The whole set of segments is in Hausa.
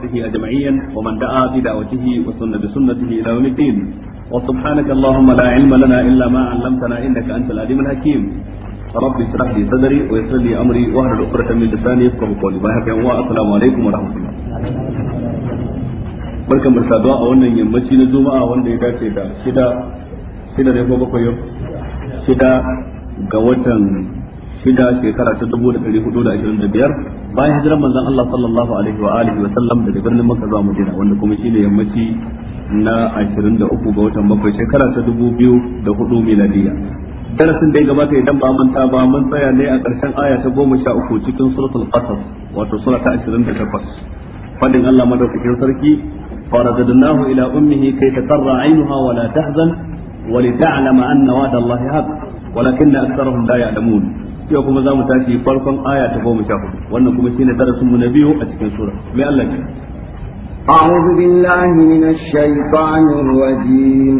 وصحبه أجمعين ومن دعا بدعوته وسن بسنته إلى يوم الدين وسبحانك اللهم لا علم لنا إلا ما علمتنا إنك أنت العليم الحكيم رب اشرح لي صدري ويسر لي أمري واحلل عقدة من لساني يفقهوا قولي بارك السلام عليكم ورحمة الله barkan mu saduwa a wannan yammaci na juma'a wanda ya dace da shida shida ne ko bakwai yau shida ga watan shida shekara ta dubu da ɗari hudu da ashirin da biyar bayan hijiran manzon Allah sallallahu alaihi wa alihi wa sallam daga birnin Makka zuwa Madina wanda kuma shi ne yammaci na ashirin da uku ga watan bakwai shekara ta dubu biyu da hudu miladiya darasin da ya gabata idan ba manta ba mun tsaya ne a ƙarshen aya ta goma sha uku cikin suratul qasas wato sura ta ashirin da takwas fadin Allah madaukakin sarki faradadnahu ila ummihi kai ta tatarra ainuha wa la tahzan ولتعلم أن وعد الله حق ولكن أكثرهم لا يعلمون yau kuma za mu tashi farkon aya ta goma sha hudu wannan kuma shine darasin mu na biyu a cikin sura mai Allah ne أعوذ بالله من الشيطان الرجيم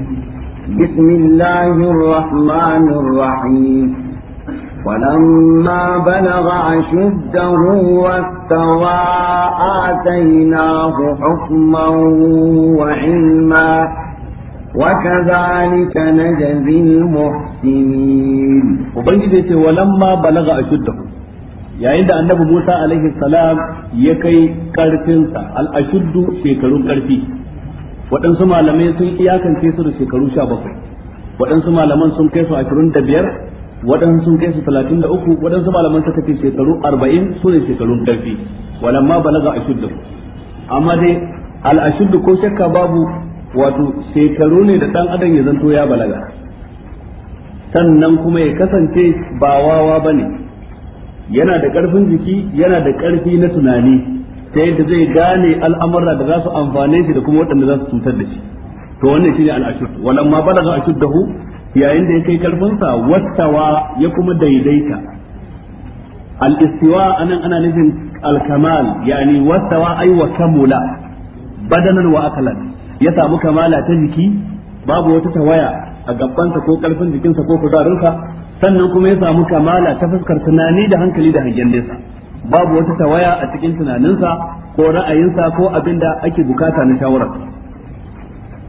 بسم الله الرحمن الرحيم ولما بلغ أشده واستوى آتيناه حكما وعلما وكذلك نجزي المحسنين وبنجد يتي ولما بلغ أشده yayin da annabi Musa alaihi salam ya kai karfinsa al shekarun karfi waɗansu malamai sun iyakance su da shekaru sha bakwai. waɗansu malaman sun kai su ashirin da biyar, waɗansu sun kai su talatin da uku waɗansu malaman suka ce shekaru arba'in su ne shekarun ƙarfi walamma balaga ashuddu amma dai al'ashuddu ko shakka babu wato shekaru ne da ɗan adam ya zanto ya balaga sannan kuma ya kasance ba wawa bane yana da karfin jiki yana da karfi na tunani ta yadda zai gane al'amura da za su amfane shi da kuma waɗanda za su cutar da shi to wannan shine al'ashud ma balaga hu yayin da ya kai karfinsa wattawa ya kuma daidaita al-istiwa anan ana nufin alkamal kamal yani wattawa ay wa kamula badanan wa akalan ya samu kamala ta jiki babu wata tawaya a sa ko karfin jikinsa ko kuzarinsa sannan kuma ya samu kamala ta fuskar tunani da hankali da hangen nesa babu wata tawaya a cikin tunaninsa ko ra'ayinsa ko abin da ake bukata na shawarar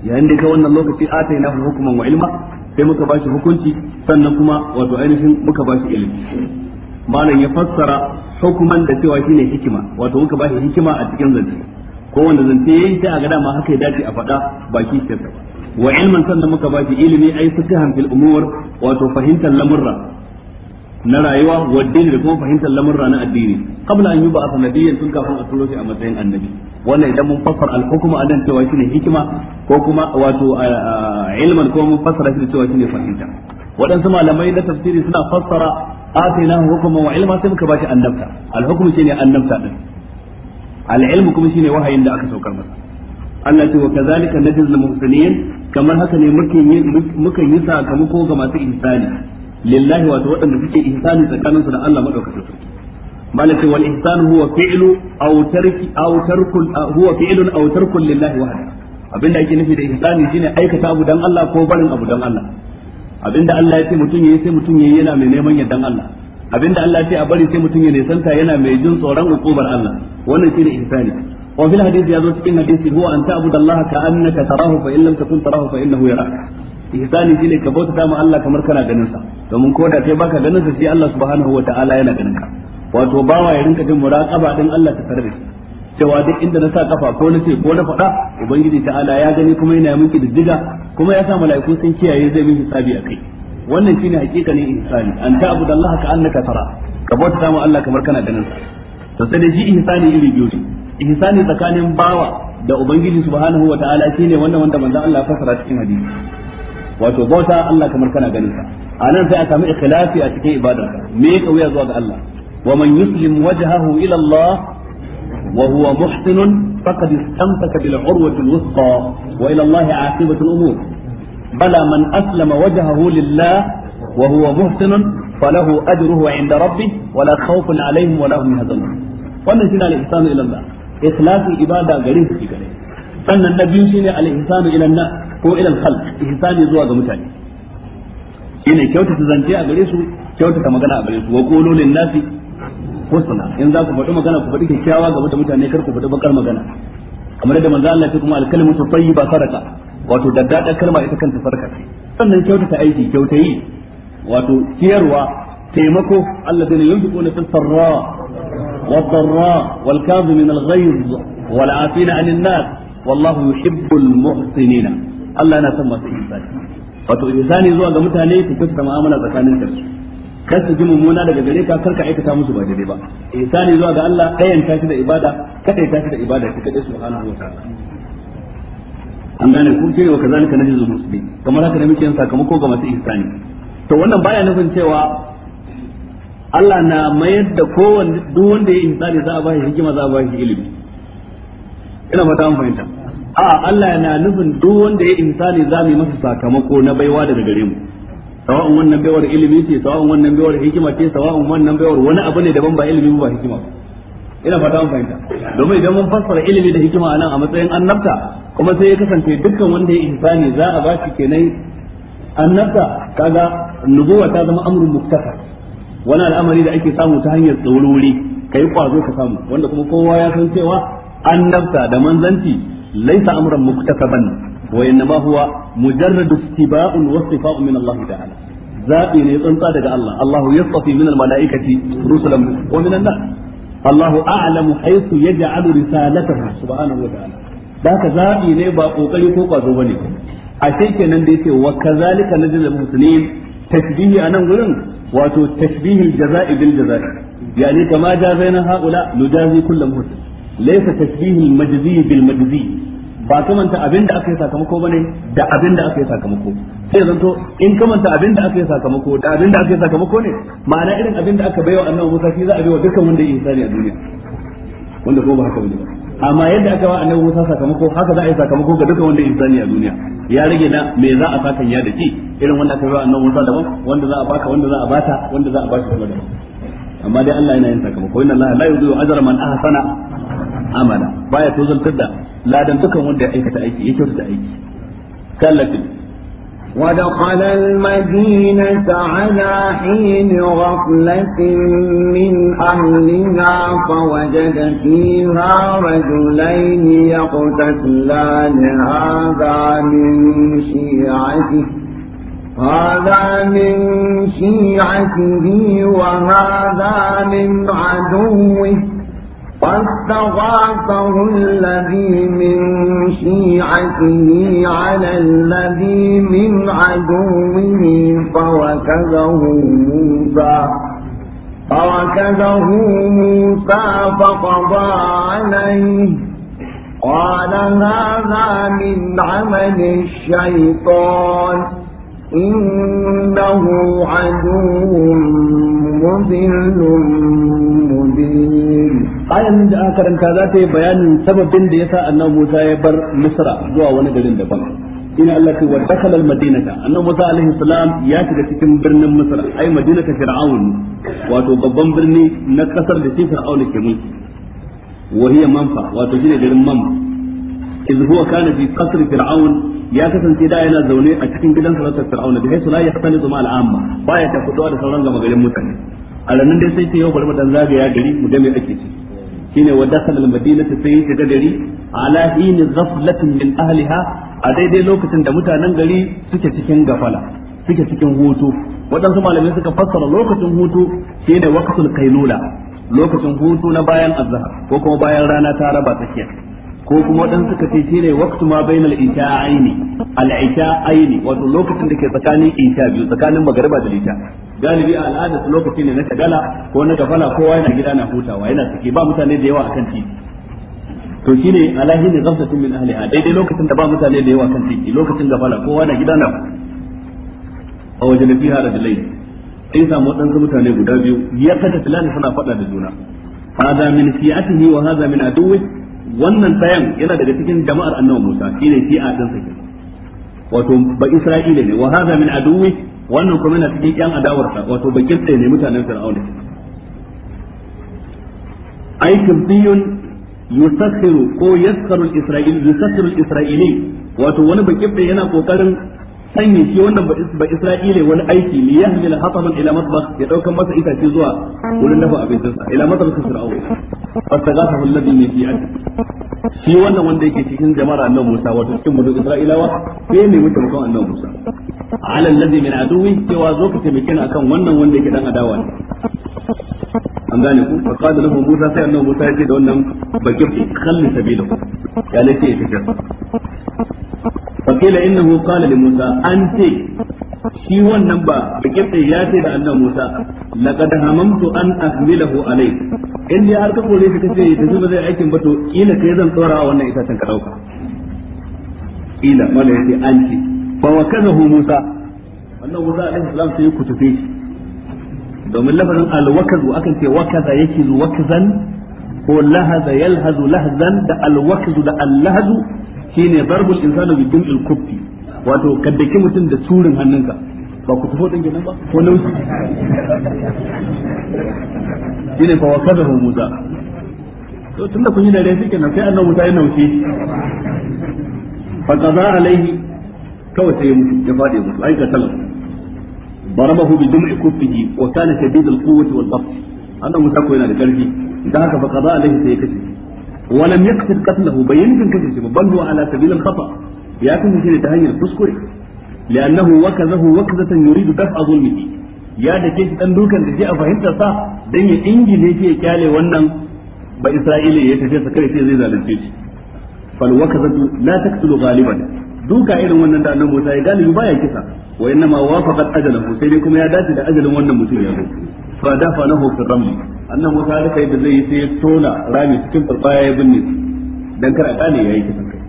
yayin da ka wannan lokaci ataina hukuman wa ilma sai muka bashi hukunci sannan kuma wato ainihin muka bashi ilimi malam ya fassara hukuman da cewa shine hikima wato muka bashi hikima a cikin zance ko wanda zance yayi sai a ga dama haka ya dace a faɗa baki shi ba wa ilman sannan muka ba shi ilimi ai fiqhan fil umur wato fahimtar lamurra na rayuwa wa da kuma fahimtar lamurra na addini qabla an yuba sanadiyyan tun kafin a turo shi a matsayin annabi wannan idan mun fassara al-hukma anan cewa shine hikima ko kuma wato ilman ko mun fassara shi cewa shine fahimta waɗansu malamai na tafsiri suna fassara atayna hukuma wa ilma sai muka bashi annabta al-hukmu shine annabta din al-ilm kuma shine wahayin da aka sauka masa Allah ce wa kazalika najzil muhsinin kamar haka ne mukan yi mukan yi sakamako ga masu ihsani lillahi wa waɗanda suke ihsani tsakaninsu na Allah madaukakin sarki malaka wal ihsanu huwa huwa lillahi abinda ake nufi da ihsani shine aikata abu dan Allah ko barin abu dan Allah abinda Allah ya ce mutum yayi sai mutum yayi yana mai neman yardan Allah abinda Allah ce a bari sai mutum ya nisanta yana mai jin tsoron hukumar Allah wannan shine ihsani wa fil hadith ya zo cikin hadisi huwa an ta'budu Allah ka annaka tarahu fa in lam takun tarahu fa innahu yaraka ihsani shine ka bauta ma Allah kamar kana ganin sa domin ko da kai baka ganin sa shi Allah subhanahu wa ta'ala yana ganin ka wato bawa ya rinka jin muraqaba din Allah ta tare cewa duk inda na sa kafa ko na ce ko na faɗa ubangiji ta'ala ya gani kuma yana miki diddiga kuma ya sa mala'iku sun kiyaye zai min hisabi akai wannan shine hakikanin ihsani an ta'budu Allah ka annaka tara ka bauta samu Allah kamar kana ganin sa to sai da shi ihsani iri biyu ne ihsani tsakanin bawa da ubangiji subhanahu wa ta'ala shine wannan wanda manzon Allah fasara cikin hadisi wato bauta Allah kamar kana ganin sa anan sai a samu ikhlasi a cikin ibadarka me ka wuya zuwa ga Allah wa man yuslim wajhahu ila Allah wa huwa muhsin faqad istamsaka bil urwati al-wuthqa wa ila Allah 'aqibatu al-umur بلى من أسلم وجهه لله وهو محسن فله أجره عند ربه ولا خوف عليهم ولا هم يحزنون wannan shine al-ihsanu ila Allah ikhlasin ibada gare su gare sannan na biyu shine al-ihsanu ila Allah ko ila al-khalq ihsani zuwa ga mutane shine kyautata zance a gare su kyautata magana a gare su wa qulu lin nasi husna in za ku faɗi magana ku faɗi kyakkyawa ga mutane kar ku faɗi bakar magana kamar da manzo Allah ya ce kuma al-kalimatu tayyiba sadaqa wato daddada kalma ita kanta sarka ce sannan kyautata aiki kyautayi wato ciyarwa taimako alladheena yunfiquna fil sarra والضراء والكاظمين الغيظ والعافين عن الناس والله يحب المحسنين Allah yana son masu ihsani wato ihsani zuwa ga mutane su kyautata mu'amala tsakanin da su kar su ji mummuna daga gare ka kar ka aikata musu ba daidai ba ihsani zuwa ga Allah ɗayan tashi da ibada kada ya tashi da ibada shi kadai subhanahu wa ta'ala an gane ku ce wa kazalika jizu muslimin kamar haka ne muke yin sakamako ga masu ihsani to wannan baya nufin cewa Allah na mayar da kowanne duk wanda ya ihsani za a bashi hikima za a bashi ilimi ina fata mun fahimta a Allah na nufin duk wanda ya ihsani za mu masa sakamako na baiwa daga gare mu sawa'un wannan baiwar ilimi ce sawa'un wannan baiwar hikima ce sawa'un wannan baiwar wani abu ne daban ba ilimi ba hikima ina fata mun fahimta domin idan mun fassara ilimi da hikima anan a matsayin annabta kuma sai ya kasance dukkan wanda ya ihsani za a shi kenan annabta kaga nubuwa ta zama amrun muktafa wani al'amari da ake samu ta hanyar tsorori kai kwazo ka samu wanda kuma kowa ya san cewa annabta da manzanci laisa amran muktasaban wa innama huwa mujarradu istiba'un wa istifa'un min Allah ta'ala zabi ne tsantsa daga Allah Allahu yastafi min al-mala'ikati rusulan wa min an-nas Allahu a'lamu haythu yaj'alu risalatahu subhanahu wa ta'ala Ba ka zaɓi ne ba ƙoƙari ko ba ne a sai nan da yake wa kazalika najzil tashbihi tasbihi anan gurin wato tasbihil jaza'i bil ya ne kama jazaina haula nujazi kullum muslim laysa tasbihil majzi bil majzi ba kamanta abin da aka yi sakamako ba ne da abin da aka yi sakamako sai zanto in kamanta abin da aka yi sakamako da abin da aka yi sakamako ne ma'ana irin abin da aka baiwa annabi Musa shi za a baiwa dukkan wanda ya yi sani a duniya wanda ko ba haka ba ba amma yadda aka wa annabi Musa sakamako haka za a yi sakamako ga dukkan wanda insani a duniya ya rage na me za a saka ya da irin wanda aka wa annabi Musa daban wanda za a baka wanda za a bata wanda za a bata kuma daban amma dai Allah yana yin sakamako inna Allah la yudhi'u ajra man ahsana amala baya tozantar da ladan dukkan wanda ya aikata aiki ya kyautata aiki kallatin ودخل المدينة على حين غفلة من أهلها فوجد فيها رجلين يقتتلان هذا من شيعته هذا من شيعته وهذا من عدوه واستغاثه الذي من شيعته على الذي من عدوه فوكزه موسى فوكزه موسى فقضى عليه قال هذا من عمل الشيطان إنه عدو مذل مبين ayan nan da aka karanta za ta yi bayanin sababin da yasa annabi Musa ya bar Misra zuwa wani garin daban ina Allah ce wa dakhala al-madinata annabi Musa alaihi salam ya shiga cikin birnin Misra ai madinata fir'aun wato babban birni na kasar da shi fir'aun ke mulki wa hiya manfa wato shine garin manfa iz huwa kana fi qasr fir'aun ya kasance da yana zaune a cikin gidan sarautar fir'aun da haisu la yahtalizu ma al-amma baya ta fitowa da sauran gama garin mutane a ranar dai sai ta yau bari mu dan zagaya gari mu ga me ake ciki shine wa dakhala al-madinata sai ya shiga gari ala hin ghaflatin min ahliha a daidai lokacin da mutanen gari suke cikin gafala suke cikin hutu waɗansu malamai suka fassara lokacin hutu shine waqtul kailula lokacin hutu na bayan azhar ko kuma bayan rana ta raba tsakiya ko kuma waɗansu suka ce shine waqtu ma bainal isha'aini al aini wato lokacin da ke tsakanin isha biyu tsakanin magariba da isha galibi a al'ada su lokaci ne na shagala ko na gafala kowa yana gida na hutawa yana suke ba mutane da yawa akan titi to shine alahi ne zafsatun min ahliha daidai lokacin da ba mutane da yawa kan titi lokacin gafala kowa na gida na a wajen da fiha da lai in samu wadansu mutane guda biyu ya kata tilani suna faɗa da juna hada min fi'atihi wa hada min aduwwi wannan tayan yana daga cikin jama'ar annabi Musa shine a din sa wato ba Isra'ila ne wa hada min aduwwi wannan kuma yana cikin yan adawarsa wato bakin tsaye ne mutanen fir'auna ai biyun yusakhiru ko yaskaru al-isra'il yusakhiru al-isra'ili wato wani bakin tsaye yana kokarin sanya shi wannan ba Isra'ila wani aiki ne ya hamila hasaban ila masbah ya daukan masa itace zuwa wurin dafa abincin sa ila masbah ka fir'aun fastaghathahu alladhi min fi'ati shi wannan wanda yake cikin jama'ar annabi Musa wato cikin mutum Isra'ilawa sai ne mutum kan annabi Musa ala alladhi min aduwi cewa zo ka taimake ni akan wannan wanda yake dan adawa ne an gane ku fa qala lahu Musa sai annabi Musa ya ce da wannan bakin khalli sabilahu ya lace ya tafi fakila انه قال لموسى Musa an ce shi wannan ba bakirta ya ce da annabi Musa laqad hamamtu an ahmilahu alayk in dai har ka kore shi kace da zuba zai aikin ba to kila kai zan tsora wannan itacen ka dauka kila mala yace an ce fa wakazahu Musa wannan Musa alaihi salam sai ya kutufe shi domin lafazin alwakazu akan ce wakaza yake zu wakazan ko lahaza yalhazu lahzan da alwakazu da allahzu shine darbul insanu bi jum'il kufi wato kaddaki mutum da turin hannunka ba ku tufo din nan ba ko nauyi shine fa wakadahu musa to tunda kun yi dare shi kenan sai annabi musa ya nauce fa qada alaihi kawai sai ya ya fadi mutu ai ka talar ضربه بجمع كفه وكان شديد القوة والبطش أنا موسى كوينا لقلبي إذا هكذا sai ya سيكشف ولم يقصد قتله بين كن كشي بل هو على سبيل الخطا يا كن شيء تهني الكسكري لانه وكذه وكذة يريد دفع ظلمه ya dake ke dan dukan da ke a fahimtar sa dan ya ingile ke kyale wannan ba isra'ila ya tafi sa kai sai zai zalunce shi fal wakazatu la taqtulu ghaliban duka irin wannan da annabi Musa ya galibi baya kisa wa inma wafaqat ajalahu sai dai kuma ya dace da ajalin wannan mutum ya zo fa dafa lahu fi ramli annan musa rika yadda zai yi sai ya tona rami cikin farfaya ya binne su dan kar a gane yi kisan kai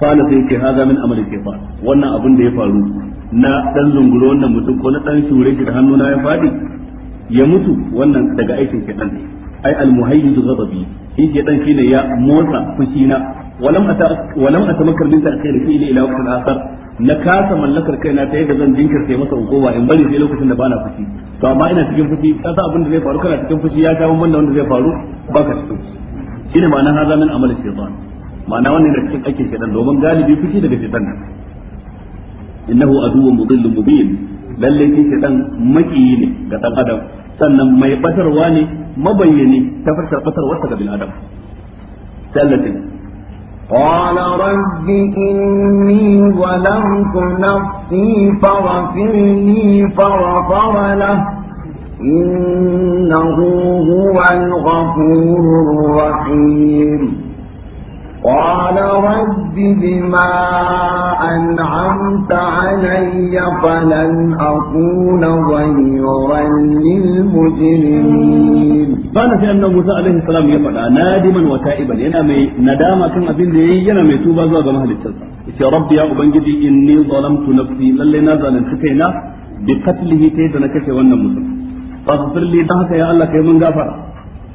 kana sai ce haza min ke fa. wannan abin da ya faru na dan zunguro wannan mutum ko na dan shure shi da hannuna ya fadi ya mutu wannan daga aikin shaytan ne ai al muhayyiz ghadabi in shaytan shine ya motsa fushina walam ata walam atamakkar min ta'khir da ila waqtin akhar na kasa mallakar kaina ta yadda zan jinkirta masa hukuma in bari sai lokacin da bana fushi to amma ina cikin fushi ka sa abin da zai faru kana cikin fushi ya sha bamban wanda zai faru baka cikin fushi shine ma'ana haza min amal shaytan ma'ana wannan ne cikin ake shedan domin galibi fushi daga shaytan ne innahu aduwwun mudillun mubin lalle shi shaytan makiyi ne ga dan adam sannan mai batarwa ne mabayyani ta fassara fassarwar ta ga bil adam sallatin قال رب إني ظلمت نفسي فاغفر لي فغفر له إنه هو الغفور الرحيم قال رب بما أنعمت علي فلن أكون ظهيرا للمجرمين Ba na annabi Musa alaihi salam ya faɗa nadiman wa ta'iban yana mai nadama kan abin da yayi yana mai tuba zuwa ga mahaliccinsa yace rabbi ya ubangiji inni zalamtu nafsi lalle na zalunci kaina bi qatlihi ta da na kashe wannan mutum faghfir li dan haka ya Allah kai mun gafara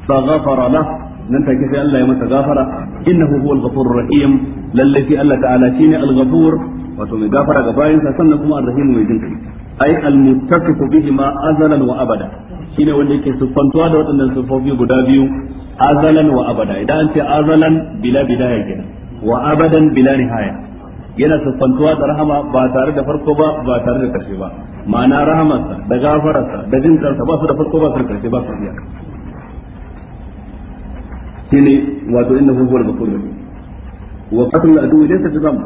fa ghafara la nan take sai Allah ya masa gafara innahu huwal ghafurur rahim lalle shi Allah ta'ala shine al-ghafur wato mai gafara ga bayinsa sannan kuma ar-rahim mai jinkai ai almuttakifu bihi ma azalan wa abada shine wanda yake siffantuwa da waɗannan siffofi guda biyu azalan wa abada idan an ce azalan bila bidaya kenan wa abadan bila nihaya yana siffantuwa da rahama ba tare da farko ba ba tare da ƙarshe ba ma'ana rahamarsa da gafararsa da jin kansa ba su da farko ba su da karshe ba su da iyaka shine wato inna hu huwal ghafur rahim wa qatlul adu laysa bi dhanb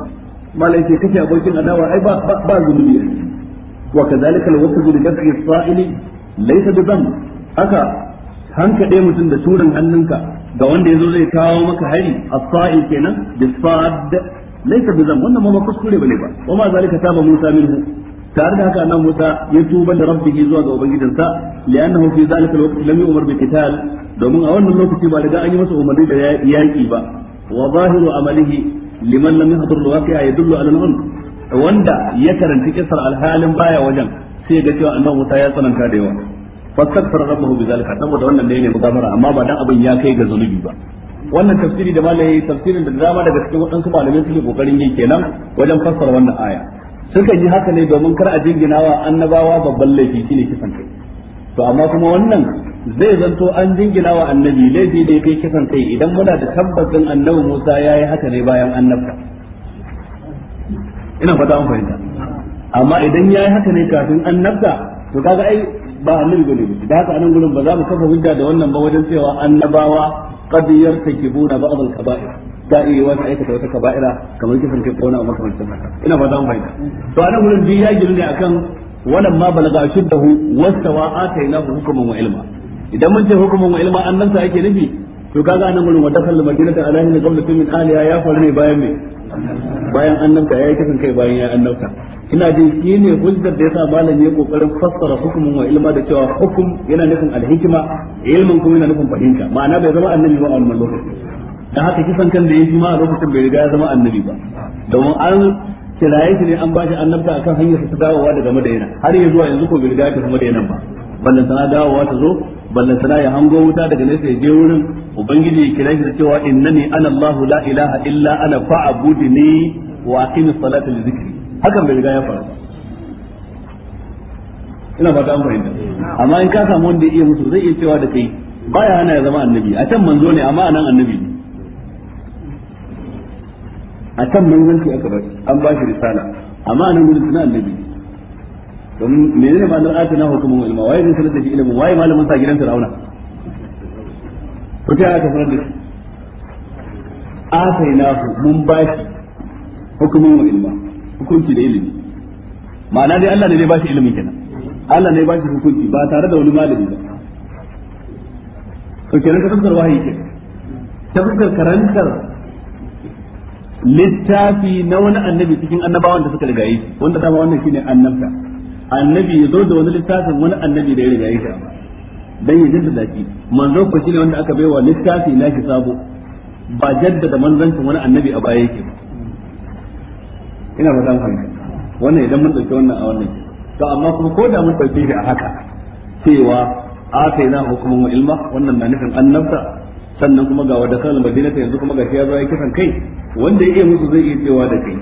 malai ce kace abokin adawa ai ba ba zunubi وكذلك الوقف لدفع الصائل ليس بذنب haka hankade mutum da turin hannunka ga wanda zo zai kawo maka hari as-sa'i kenan bisfad laysa bizam wannan ma kuskure bane ba wa ma zalika taba Musa minhu tare da haka annabi Musa ya tuba da rabbihi zuwa ga ubangijinsa li'annahu fi zalika al-waqt lam yu'mar bi qital domin a wannan lokaci ba riga an yi masa umarni da yaki ba wa zahiru amalihi liman lam wanda ya karanci kisar alhalin baya wajen sai ga cewa annabi Musa ya tsananta da yawa fastaghfara rabbuhu bizalika saboda wannan ne ne mugamara amma ba dan abin ya kai ga zunubi ba wannan tafsiri da malai tafsirin da dama daga cikin wadansu malamai suke kokarin yi kenan wajen fassara wannan aya suka yi haka ne domin kar a jinginawa annabawa babban laifi shine kisan kai to amma kuma wannan zai zanto an jingina wa annabi laifi ne kai kisan kai idan muna da tabbacin annabi Musa yayi haka ne bayan annabta ina fata an fahimta amma idan ya yi haka ne kafin an annabta to kaga ai ba annabi bane ba da haka anan gurin ba za mu kafa hujja da wannan ba wajen cewa annabawa qad yartakibuna ba'd al-kaba'ir ta iya wata aikata wata kaba'ira kamar kisan kai kona a kamar haka ina fata an fahimta to anan gurin duk ya giru ne akan wannan ma balaga shuddahu wastawa atainahu hukuman wa ilma idan mun ce hukuman wa ilma annabta ake nufi to kaga anan gurin wata kallon madinata ala hin qabla min aliya ya faru ne bayan me bayan annabta yayi kafin kai bayan ya annabta ina jin shi ne hujjar da yasa malam ya kokarin fassara hukumin wa ilma da cewa hukum yana nufin alhikima ilmin kuma yana nufin fahimta ma'ana bai zama annabi ba a wannan lokacin da haka kisan kan da yake ma a lokacin bai riga ya zama annabi ba domin an kiraye shi ne an ba shi annabta akan hanyar ta dawowa daga madaina har yanzu yanzu ko bai riga ta zama madaina ba ballan sana dawowa ta zo ballan sana ya hango wuta daga nesa ya je wurin ubangiji ya kira shi da cewa innani ana allah la ilaha illa ana ne wa aqimis salata li dhikri hakan bai riga ya faru ina fata an fahimta amma in ka samu wanda ya iya musu zai iya cewa da kai baya hana ya zama annabi a can manzo ne amma anan annabi ne a can manzanci aka bar an ba shi risala amma anan gudun tuna annabi ne domin menene ma'anar na hukumun ilma waye zai sanar da shi ilimin waye malamin sa gidan Fir'auna ko ta aka sanar da shi Asai na atainahu mun bashi hukumun ilma hukunci da ilimi ma'ana dai Allah ne ya bashi ilimi kenan Allah ne ya bashi hukunci ba tare da wani malami ba to kenan ka tabbatar wahayi ke tabbatar karantar littafi na wani annabi cikin annabawan da suka rigaye wanda dama wannan shine annabta annabi ya zo da wani littafin wani annabi da ya riga ya shi dan ya jaddada shi manzo ku shine wanda aka baiwa littafi na shi sabo ba jaddada manzancin wani annabi a baya yake ina fata mun wannan idan mun dauki wannan a wannan to amma kuma ko da mun dauke shi a haka cewa atayna hukumun wa ilma wannan na nufin annabta sannan kuma ga wadda kan madinata yanzu kuma ga shi ya zo ya kisan kai wanda ya iya musu zai iya cewa da kai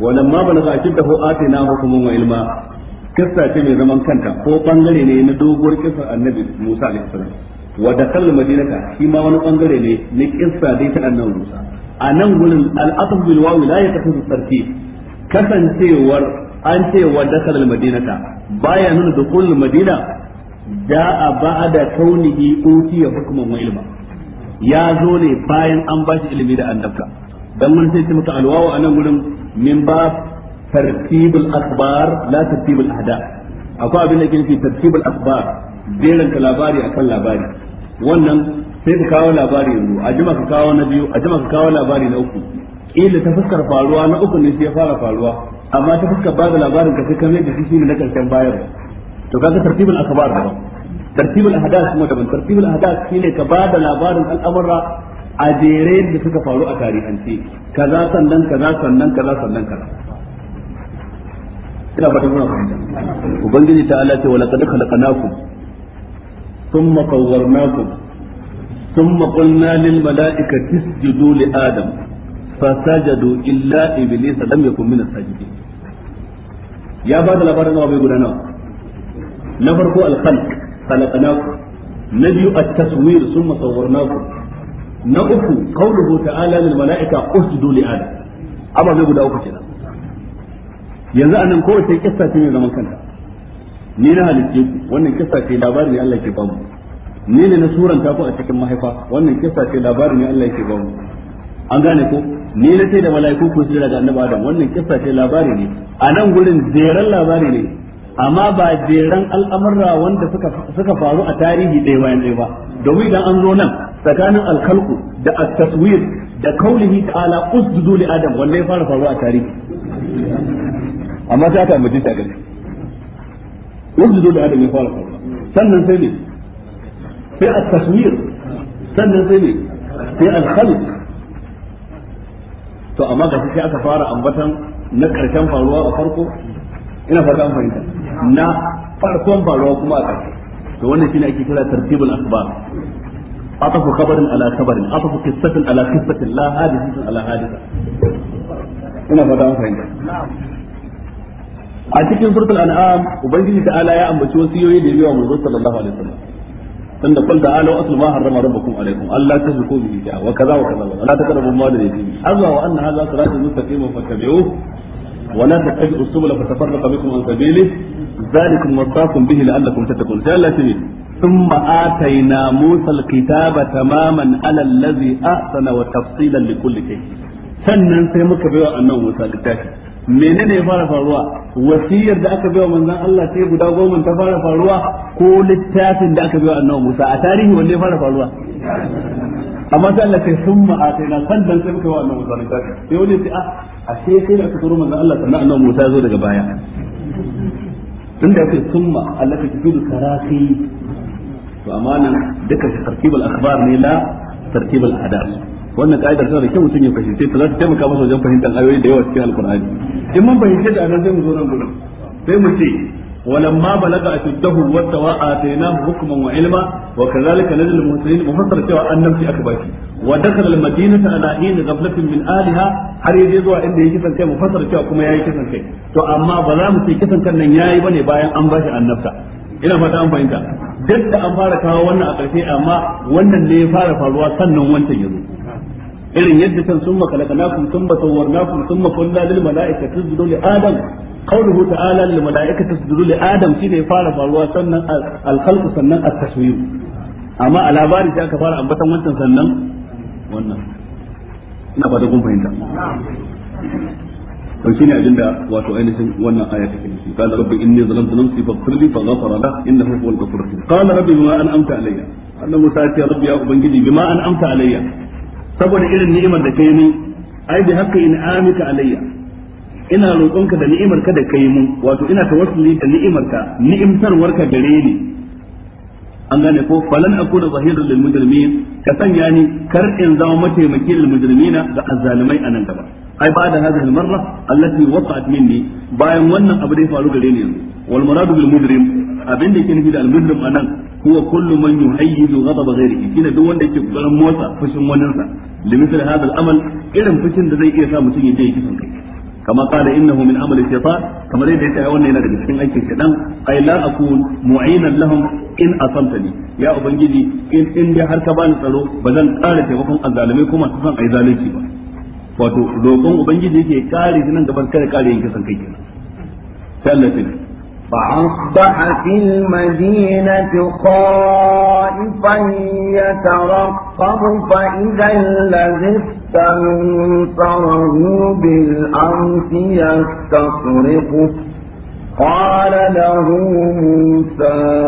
walamma balagha ashiddahu atayna hukumun wa ilma kissa ce mai zaman kanta ko bangare ne na doguwar kissar annabi Musa alaihi salam wa dakal madinata shi ma wani bangare ne na kissa dai ta annabi Musa a nan gurin al bil waw la yatafisu kasancewar an ce wa dakal madinata baya nuna dukul madina a ba'da kaunihi utiya hukman wa ilma ya zo ne bayan an bashi ilimi da annabta dan mun sai ta maka alwawa a nan gurin min ba tartibul akhbar la tartibul ahda akwai abin da ke nufi tartibul akhbar jeranta labari akan labari wannan sai ka kawo labari yanzu a jima ka kawo na biyu a jima ka kawo labari na uku ila ta fuskar faruwa na uku ne sai ya fara faruwa amma ta fuskar ba da labarin ka sai ka mai da shi ne na karshen bayar to kaga tartibul akhbar daban tartibul ahdath kuma daban tartibul ahdath shine ka ba da labarin al'amura a jere da suka faru a tarihance kaza sannan kaza sannan kaza sannan kaza ina fatan kuna fahimta ubangiji ta Allah ce wa laqad khalaqnakum thumma qawwarnakum thumma qulna lil mala'ikati isjudu li adam fasajadu illa iblis lam yakun min as-sajidin ya ba da labarin wa bai gudana na farko al-khalq khalaqnakum na biyu at-taswir thumma sawwarnakum na uku qawluhu ta'ala lil mala'ika usjudu li adam amma bai guda uku kenan yanzu anan kowace kissa ce mai zaman kanta ni na halicce ku wannan kissa ce labari ne Allah ke ba mu ni ne na suranta ku a cikin mahaifa wannan kissa ce labari ne Allah ke ba mu an gane ko ni na sai da mala'iku ku su daga annabi Adam wannan kissa ce labari ne a nan gurin jeran labari ne amma ba jeran al'amurra wanda suka suka faru a tarihi ɗaya bayan ɗaya ba domin idan an zo nan tsakanin alkalku da at-taswir da kaulihi ta'ala usjudu li adam wallahi ya fara faruwa a tarihi amma sai aka ambace shi a gari wanda zo da adam ya fara faruwa sannan sai ne sai a tasmir sannan sai ne sai a khalq to amma ga sai aka fara ambatan na karshen faruwa a farko ina fata an fahimta na farkon faruwa kuma a karshe to wannan shine ake kira tartibul asbab atafu kabarin ala khabarin atafu qissatin ala qissatin la hadithatin ala haditha ina fata an fahimta a cikin suratul an'am ubangiji ta'ala ya ambaci wasu yoyi da yawa manzo sallallahu alaihi wasallam tunda qul ta'alu aslu ma harrama rabbukum alaikum Allah alla tashriku bihi shay'a wa kaza wa kaza wa la taqrabu mal al-yatim azwa wa anna hadha siratun mustaqim fattabi'uhu wa la tattabi'us subula fatafarraqa bikum an sabili dhalikum wasaqum bihi la'allakum tattaqun sai Allah ce ثم آتينا موسى الكتاب تماما على الذي أحسن وتفصيلا لكل شيء sannan sai muka baiwa annabi Musa littafi menene ya fara faruwa wasiyar da aka baiwa manzon Allah sai guda goma ta fara faruwa ko littafin da aka baiwa annabi Musa a tarihi wanne ya fara faruwa amma sai Allah sai summa ataina sannan sai muka wa annabi Musa littafi sai wani sai a a sai sai da aka turo manzon Allah sannan annabi Musa ya zo daga baya tunda yake summa Allah ta tudu karafi to amma nan duka tartibul akhbar ne la tartibul adas wannan ka'idar tana da kyau mutum ya fahimce ta za ta taimaka masa wajen fahimtar ayoyi da yawa cikin alkur'ani in mun fahimce da anan sai mu zo nan gudan sai mu ce ولما بلغ أشده واستوى آتيناه حكما وعلما وكذلك نجل المحسنين مفسر سوى أن نمشي أكباشي ودخل المدينة على حين غفلة من أهلها har yaje zuwa inda yake san kai mu fasara cewa kuma yayi kisan kai to amma ba za mu ce kisan kan nan yayi ne bayan an bashi annabta ina fata an fahimta duk da an fara kawo wannan a ƙarshe amma wannan ne ya fara faruwa sannan irin yadda san summa khalaqnakum thumma sawwarnakum thumma qulna lil mala'ikati isjudu li adam qawluhu ta'ala lil mala'ikati isjudu li adam shine fara faruwa sannan al khalq sannan at taswir amma a labarin sai aka fara ambatan wancan sannan wannan ina ba da kun fahimta to shine da wato ainihin wannan aya take nufi qala rabbi inni zalamtu nafsi faghfir li faghfara la innahu huwal ghafurur rahim qala rabbi bima an amta alayya annabi musa ya rabbi ya ubangiji bima an amta alayya saboda irin ni'imar da kai mun ai bi haka in amika alayya ina roƙonka da ni'imar ka da kai mun wato ina tawassuli da ni'imar ka ni'imtarwar ka gare ni an gane ko falan akuna zahirul lil mujrimin ka sanya ni kar in zama mataimaki lil mujrimina ga azzalimai anan gaba ai ba da hadhihi al-marra allati waqa'at minni bayan wannan abu da ya faru gare ni yanzu wal muradu bil mujrim abin da yake nufi da al-mujrim anan huwa kullu man yuhayyidu ghadab ghayrihi shine duk wanda yake kokarin motsa fushin waninsa limisal hadha al-amal irin fushin da zai iya sa mutum ya je ya kisan kai كما قال انه من عمل الشيطان كما ليس يتعي وانا ينا دقى سكين ايكي الشيطان اي لا اكون معينا لهم ان اصمتني يا ابن جدي ان ان wato roƙon ubangiji yake kare nan gaban kare kare kai kenan فأصبح في المدينة خائفا يترقب فإذا الذي استنصره بالأمس يستصرخه قال له موسى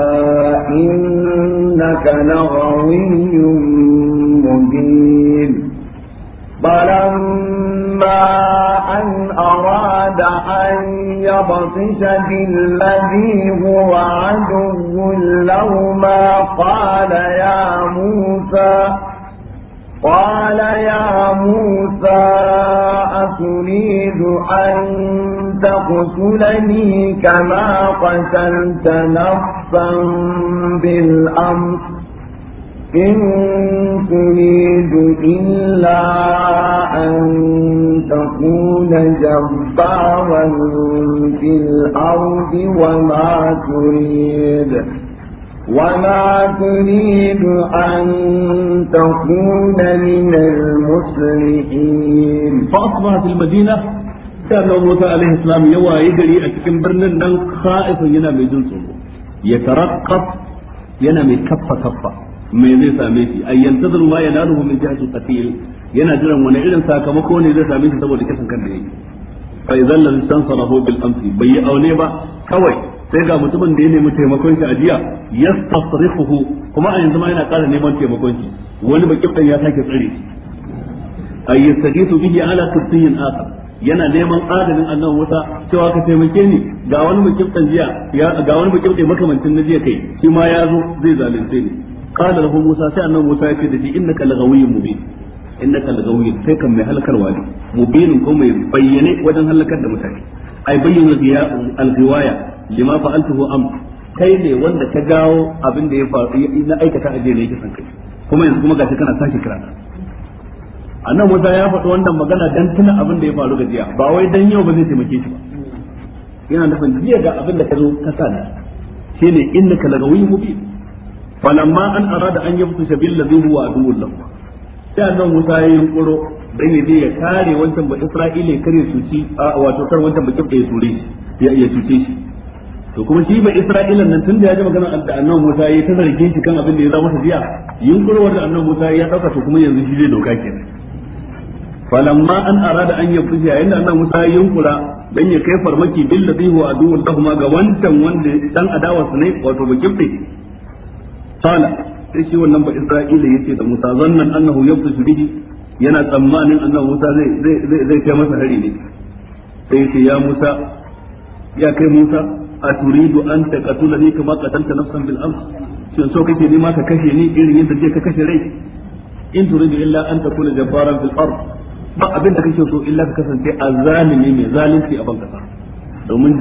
إنك لغوي مبين فلما أن أراد أن يبطش بالذي هو عدو لهما قال يا موسى قال يا موسى أتريد أن تقتلني كما قتلت نفسا بالأمس إن تريد إلا أن تكون جبارا في الأرض وما تريد وما تريد أن تكون من المصلحين فأصبحت المدينة كان موسى عليه السلام يوا يجري أتكن برنن خائفا ينا ميزن يترقب ينا كفة كفة me zai same shi ay yantazir ma yanaluhu min jihati qatil yana jiran wani irin sakamako ne zai same shi saboda kisan kan da yake fa idan lam tansarahu bil amsi bai yi aune ba kawai sai ga mutumin da ya nemi taimakon shi a jiya yastasrifuhu kuma a yanzu ma yana ƙara neman taimakon shi wani bakin ya sake tsare ay yastajitu bihi ala qibtiyin akhar yana neman adalin annabi Musa cewa ka taimake ni ga wani mukibtan jiya ga wani mukibtan makamancin na jiya kai shi ma ya zo zai zalunce ni Ka lahu musa sai annabi musa ya ce da shi innaka lagawiyyun mubin innaka lagawiyyun sai kan mai halkarwa ne mubinin ko mai bayyane wajen halakar da ai bayyana al lima kai ne wanda ka jawo abin da ya faru na aikata aje ne yake san kai kuma yanzu kuma gashi kana sake kira annan Musa ya faɗi wannan magana dan tuna abin da ya faru gajiya ba wai dan yau ba zai taimake shi ba yana nufin jiya ga abin da ka zo ka sa ne shine innaka lagawiyyun mubin falamma an arada an yabtusha bil ladhi huwa aduwwul lahu sai annabi Musa ya yunkuro dan ya je ya kare wancan ba Isra'ila ya kare su ci wato kar wancan ba da ya ture shi ya ya tuce shi to kuma shi ba Isra'ilan nan tun da ya ji magana da annabi Musa ya ta zargin shi kan abin da ya zama ta jiya yunkurowar da annabi Musa ya dauka to kuma yanzu shi zai doka kenan falamma an arada an yabtusha yayin da annabi Musa ya yunkura dan ya kai farmaki bil ladhi huwa aduwwul lahum ga wancan wanda dan adawa su ne wato ba bakin qala sai shi wannan isra'ila yace da musa zannan yana tsammanin annabi musa kai masa hari ya kai musa a turidu an taqatulani kama qatalta nafsan bil amr shin kake so illa ka kasance mai zalunci a ban kasa domin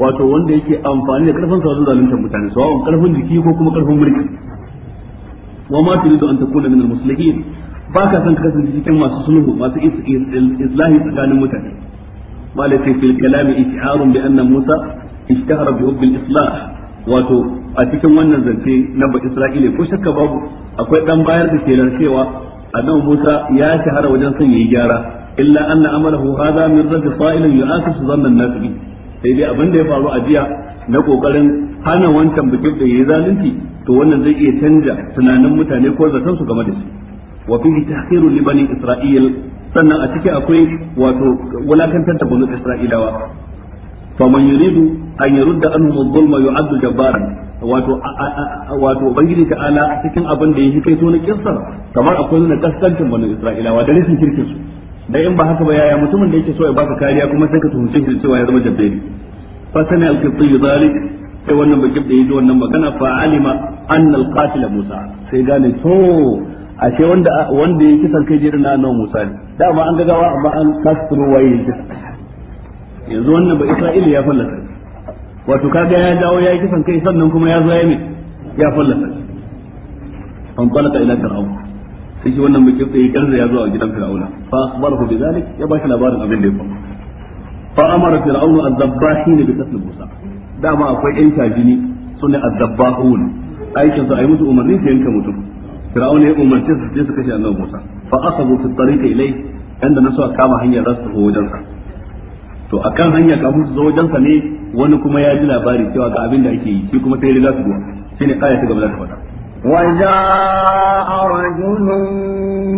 wato wanda yake amfani da karfin sa wajen zaluntar mutane sawa'un karfin jiki ko kuma karfin mulki wa ma turidu an takuna min al ba ka san ka kasance cikin masu sulhu masu islahi tsakanin mutane mala sai fil kalam ish'arun bi anna musa ishtahara bi hubbil islah wato a cikin wannan zance na ba isra'ila ko shakka babu akwai dan bayar da kelar cewa annabi musa ya shahara wajen son yayi gyara illa anna amalahu hadha min rajul sa'ilan yu'akisu zannan nas bi sai dai abin da ya faru a jiya na kokarin hana wancan bikin da yayi zalunci to wannan zai iya canja tunanin mutane ko zaton su game da shi wa fi ta'khiru li bani isra'il sannan a ciki akwai wato wulakantar da bani isra'ilawa fa man yuridu an yurda anhum adh-dhulma yu'addu jabbaran wato wato ubangiji ta'ala cikin abin da yake kai to na kissar kamar akwai na kaskancin bani isra'ilawa da rashin kirkin su dan in ba haka ba yaya mutumin da yake so ya baka kariya kuma sai ka tuhumce shi cewa ya zama jabbeli fa sami al-qibti zalik sai wannan bakin da yaji wannan magana fa alima anna al-qatil Musa sai gane to ashe wanda wanda yake kisan kai jirin na annabi Musa ne da dama an gagawa amma an kasuru waye yanzu wannan ba Isra'ila ya fallasa wato kaga ya dawo ya yi kisan kai sannan kuma ya zo ya me ya fallasa an qalaka ila fir'aun sai shi wannan mutum sai garza ya zuwa gidan fir'auna fa akhbarahu bidhalik ya bashi labarin abin da ya faru fa amara fir'auna az-zabbahin bi qatl musa dama akwai yan tajini sunne az-zabbahun aikin su ayi musu umarni su yanka mutum fir'auna ya umarce su je su kashe annabi musa fa asabu fi tariqi ilay inda nasu kama hanyar rasu ko wajen sa to akan hanya kafin su zo wajen sa ne wani kuma ya ji labari cewa ga abin da ake yi shi kuma sai ya riga su zuwa shine kaya ta gaba da ta وجاء رجل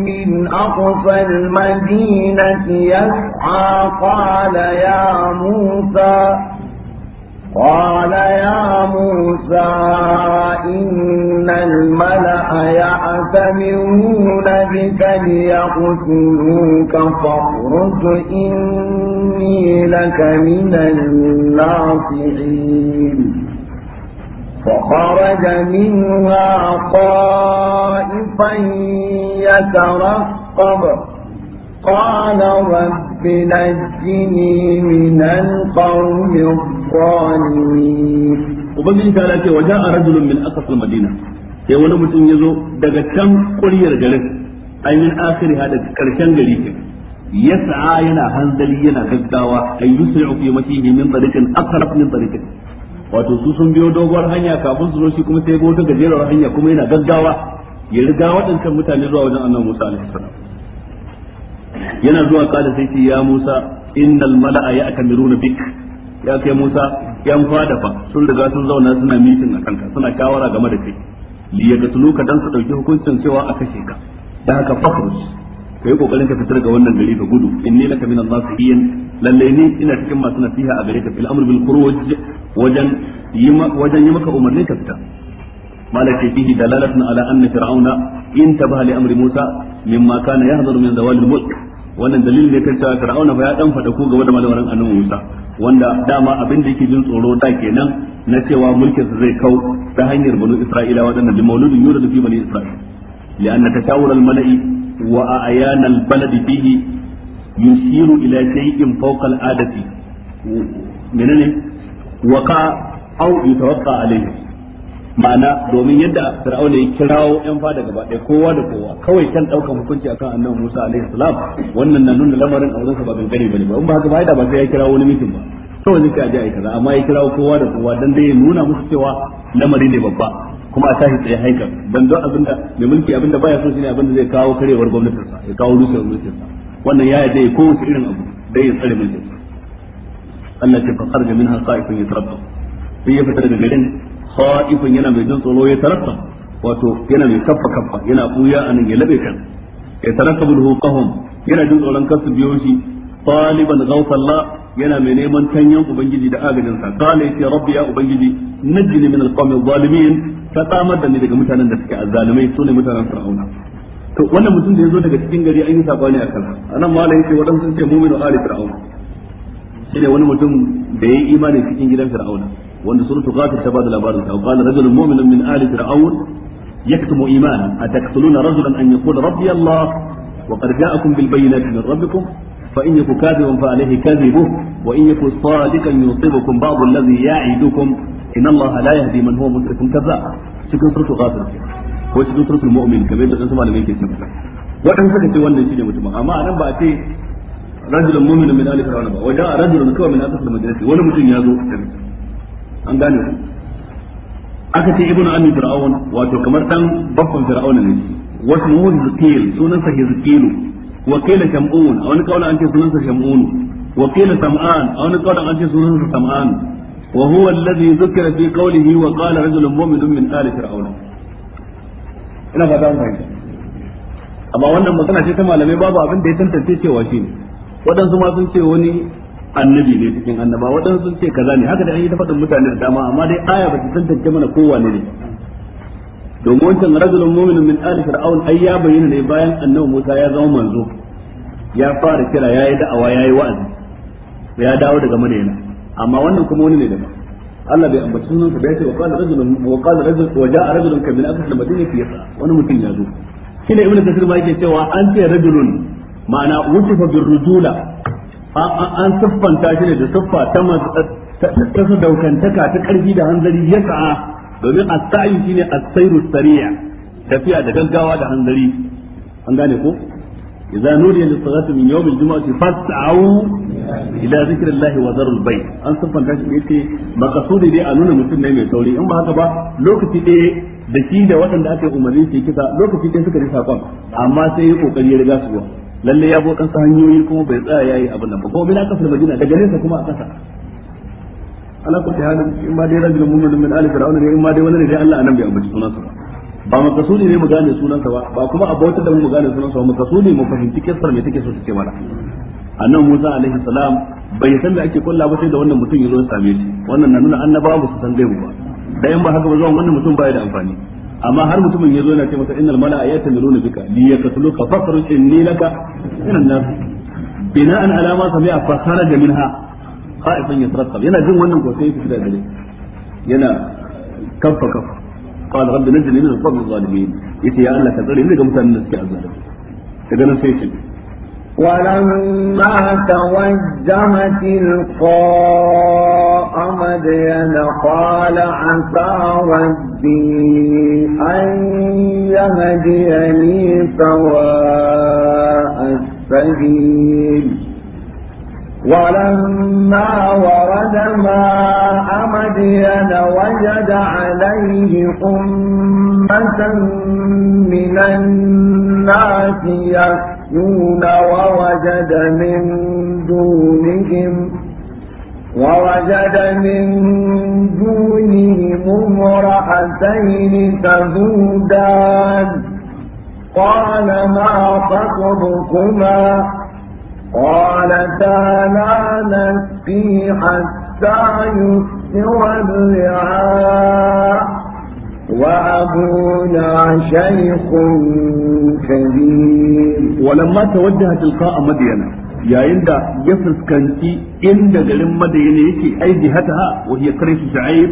من أقصى المدينة يسعى قال يا موسى قال يا موسى إن الملأ يعتمرون بك ليقتلوك فاخرج إني لك من الناصحين فخرج منها خائفا يترقب قال رب نجني من القوم الظالمين ubangiji ta lafiya wajen a rajulun min asafar madina sai wani mutum ya zo daga can kuryar garin an yi akiri da karshen gari ke ya sa'a yana hanzali yana gaggawa ayyusa ya ofi mashi min tsarikin akarar min tsarikin wato su sun biyo doguwar hanya kafin su zo shi kuma sai ga wata hanya kuma yana gaggawa ya riga waɗancan mutane zuwa wajen annabi Musa alaihi salam yana zuwa kada sai ce ya Musa innal mala'a ya'tamiruna bik ya kai Musa ya yan fada fa sun riga sun zauna suna mitin a kanka suna shawara game da kai li ya ka dan su dauki hukuncin cewa a kashe ka dan haka fakhruj kai kokarin ka fitar ga wannan gari ka gudu inni laka minan nasihin lalle ni ina cikin masu nasiha a gare ka fil amr bil khuruj wajen wajen yi maka umarni ka fita malaka fihi dalalatun ala anna fir'auna intabaha li amri musa mimma kana yahdharu min zawal al mulk wannan dalil ne kan cewa fir'auna fa ya dan fada ko game da malamin annabi Musa wanda dama abin da yake jin tsoro da kenan na cewa mulkin sa zai kau ta hanyar banu Isra'ila wadannan da mauludin yuradu fi bani Isra'il li'anna tashawur al-mala'i wa a'yan al-balad fihi yushiru ila شيء فوق al'adati menene وقع aw يتوقع عليه ma'ana domin yadda fir'auna ya kirawo yan fada gaba ɗaya kowa da kowa kawai kan ɗaukan hukunci akan annabi Musa alaihi salam wannan na nuna lamarin a sa ba gangare bane ba in ba haka ba da ba sai ya kirawo wani mutum ba kawai zai aje ai kaza amma ya kirawo kowa da kowa dan dai ya nuna musu cewa lamari ne babba kuma a tashi tsaye haikar dan don abinda mai mulki abinda baya so shine abinda zai kawo karewar gwamnatinsa ya kawo rusewar mulkinsa wannan ya yadda ko wasu irin abu dai ya tsare mulkin sa Allah ya fa kharaja minha qa'ifun yatarabba sai ya fita daga garin qa'ifun yana mai jin tsoro ya tarabba wato yana mai kaffa kaffa yana buya anan ya labe kan ya tarakkabu huqahum yana jin tsoron kasu biyo shi taliban ghawfallah yana mai neman tanyan ubangiji da agajin sa kala yace rabbi ya ubangiji najjini min alqawmi zalimin ka tsamar da ni daga mutanen da suke azzalumai sune mutanen fir'auna to wannan mutum da ya zo daga cikin gari an yi sabani a kansa anan malam yake wadan sun ce mu'minu ali fir'auna shine wani mutum da ya yi imani cikin gidan fir'auna wanda suratu ghafir ta bada labarin sa qala rajulun mu'minun min ali fir'aun yaktumu iman ataqtuluna rajulan an yaqula rabbi allah wa qad ja'akum bil bayyinati min rabbikum فإن يكن كاذبا فعليه كذبه وإن يكن صادقا يصيبكم بعض الذي يعدكم إن الله لا يهدي من هو مسرف كذاب. cikin سورة غافر. ko cikin suratul mu'min kamar yadda wasu malamai ke cewa waɗansu suka ce wannan shine mutum amma anan ba a ce rajulun mu'minun min ali fir'auna ba wajen a rajulun kawai min asfal madrasi wani mutum ya zo an gane ku aka ce ibnu ammi fir'aun wato kamar dan babban fir'auna ne wasu mu'min zakil sunansa hizkilu وقيل شمعون أو نقول أنت سننسى شمعون وقيل سمعان أو نقول أنت سننسى سمعان وهو الذي ذكر في قوله وقال رجل مؤمن من آل فرعون ina fata mun fahimta amma wannan magana ce ta malamai babu abin da ya tantance cewa shi ne waɗansu ma sun ce wani annabi ne cikin annaba waɗansu sun ce kaza ne haka da an yi ta faɗin mutane da dama amma dai aya ba ta tantance mana kowane ne domin wancan rajulun mu'minun min ali fir'aun ai ya bayyana ne bayan annabi Musa ya zama manzo ya fara kira ya yi da'awa ya yi wa'azi ya dawo daga madina amma wannan kuma wani ne daban Allah bai ambaci sunan ka bai ce wa qala rajulun wa qala rajul wa ja'a rajulun ka min aqsal madinati yasa wani mutum ya zo shi ne ibnu kasir ma yake cewa an ce rajulun ma'ana wutufa bir rujula an siffanta shi ne da siffa ta ta su daukantaka ta karfi da hanzari yasa domin as-sa'i shine as-sayru sariya tafiya da gaggawa da hanzari an gane ko idza nudiya lis-salati min yawm al-jum'ati fas'au ila zikrillahi wa zarul bayt an siffanta shi yace makasudi dai a nuna mutum ne mai sauri in ba haka ba lokaci ɗaya da shi da waɗanda aka yi umarni su kisa lokaci ɗaya suka yi saƙon amma sai ya kokari ya riga su ruwa lalle ya bokan sa hanyoyi kuma bai tsaya yayi abin nan ba ko bila kafir madina daga nesa kuma a kasa ala ta halin in ba dai rajulun mu'minun min ali fir'auna ne in ma dai wani ne dai Allah anan bai ambaci sunansa ba ba makasudi ne mu gane sunansa ba ba kuma abota da mu gane sunansa ba makasudi mu fahimci kissar me take so su ce mana annabi Musa alaihi salam bai san da ake kulla ba sai da wannan mutum ya zo same shi wannan na nuna annabawa ba su san gaibu ba da in ba haka ba zuwan wannan mutum baya da amfani amma har mutumin ya zo yana ce masa innal mala'a yatamiluna bika li yakatuluka fakhru inni laka minan nas bina'an ala ma sami'a fa kharaja minha khaifan yatarakkab yana jin wannan ko sai ya fita da yana kaffa kaffa قال رب نجني من القوم الظالمين يتي يا الله كذلك نجم تنسك أزالك كذلك سيشن ولما توجه تلقاء مدين قال عسى ربي أن يهديني سواء السبيل ولما ورد ماء مدين وجد عليه أمة من الناس يسقى المسكين ووجد من دونهم ووجد من دونهم امرأتين تذودان قال ما خطبكما قالتا لا نسقي حتى يسقي الرعاء وأبونا شيخ كبير ولما توجه تلقاء مدينة yayin da ya fuskanci inda garin madayana yake ai jihataha a hiya qarish shu'aib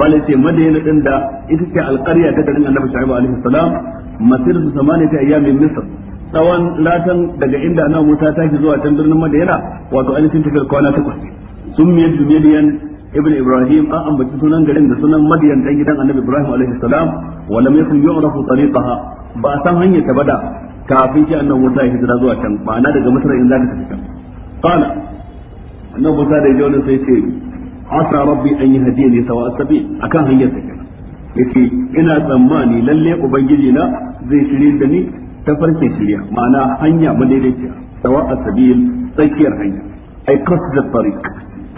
bala ce madayana din da ita ce alqarya ta garin annabi shu'aib alaihi masir su ta ayyamin misr tsawon latan daga inda annabi wuta ta zuwa can birnin madayana wato ainihin tafiyar kwana takwas sun miyar dumediyan ibn ibrahim an ambaci sunan garin da sunan madiyan dan gidan annabi ibrahim alaihi salam wa lam yakun yu'rafu tariqaha ba san hanyar ta bada kafin shi annabi musa ya hijira zuwa can daga misra in zaka tafi can qala annabi musa da yawan sai ce asa rabbi an yahdini sawa as-sabil akan hanyar ina tsammani lalle ubangiji na zai shirye da ni ta farkin shirya ma'ana hanya madaidaiciya sawa sabil tsakiyar hanya ai qasd at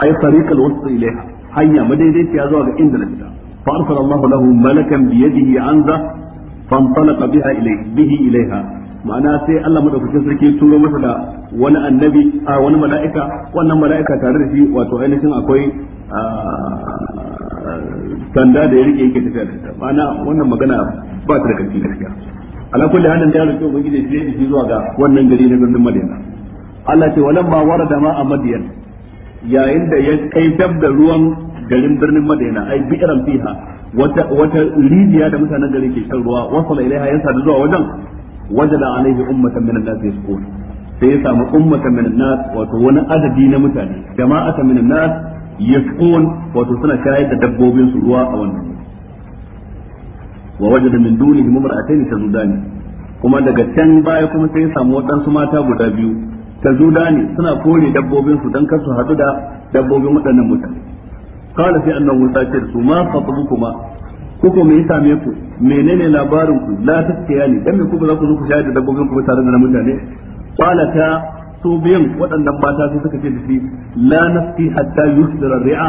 ay tariqal wusul ilaiha hanya madaidaiciya zuwa ga inda na fita fa arsala Allah lahu malakan bi yadihi anza fantalaqa biha ilayhi bihi ilaiha ma'ana sai Allah madaukakin sarki turo masa da wani annabi a wani mala'ika wannan mala'ika tare da shi wato ainihin akwai sanda da ya rike yake tafiya da ita ma'ana wannan magana ba ta da karfi gaskiya ala kulli halin da roƙi ubangiji ya shi zuwa ga wannan gari na birnin Madina Allah ce walamma warada ma a Madiyan yayin da ya kai dab da ruwan garin birnin Madina ai bi'ran fiha wata wata rijiya da mutanen garin ke shan ruwa wasu da ilaiha yansa da zuwa wajen wajada alaihi ummatan min an-nas yasqun sai ya samu ummatan min an-nas wato wani adadi na mutane jama'atan min an-nas yasqun wato suna shayar da dabbobin su ruwa a wannan wa wajada min dunihi mumra'atayn tazudani kuma daga can baya kuma sai ya samu waɗansu mata guda biyu ta zuda ne suna kore dabbobin su dan kar su hadu da dabbobin waɗannan mutane kala sai annan wuta ce su ma kuma kuka me yasa me ku menene labarin ku la taskiya ne dan me ku za ku zo ku shayar da dabbobin ku tare da mutane kala ta su biyan waɗannan mata sai suka ce da shi la nasqi hatta yusdira ri'a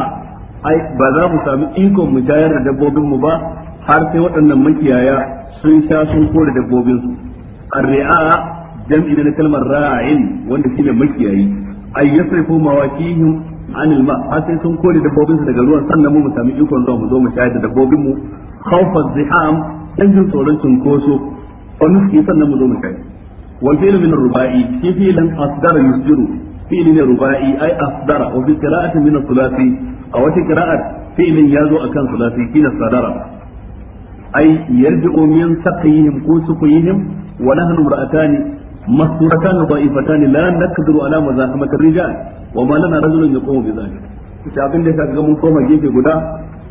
ai ba za mu sami ikon mu shayar da dabbobin mu ba har sai waɗannan makiyaya sun sha sun kore dabbobin su ar-ri'a jam'i na kalmar ra'in wanda shine makiyayi ay yasrifu mawakihim an alma har sai sun kore dabbobin su daga ruwan sannan mu mu sami ikon zuwa mu zo mu shayar da dabbobin mu khawfa ziham dan jin tsoron cunkoso fa nuski sannan mu zo mu shayar wal fi'l min rubai shi fi'lan asdara yusjiru fi'l ne rubai ay asdara wa fi qira'atin min thulathi aw wata qira'at fi'lin yazo akan thulathi kina sadara ay yarji'u min saqiyihim ko sukuyihim wa nahnu ra'atani مسورتان ضعيفتان لا نقدر على مزاحمة الرجال وما لنا رجل يقوم بذلك ta abin da ya ga mun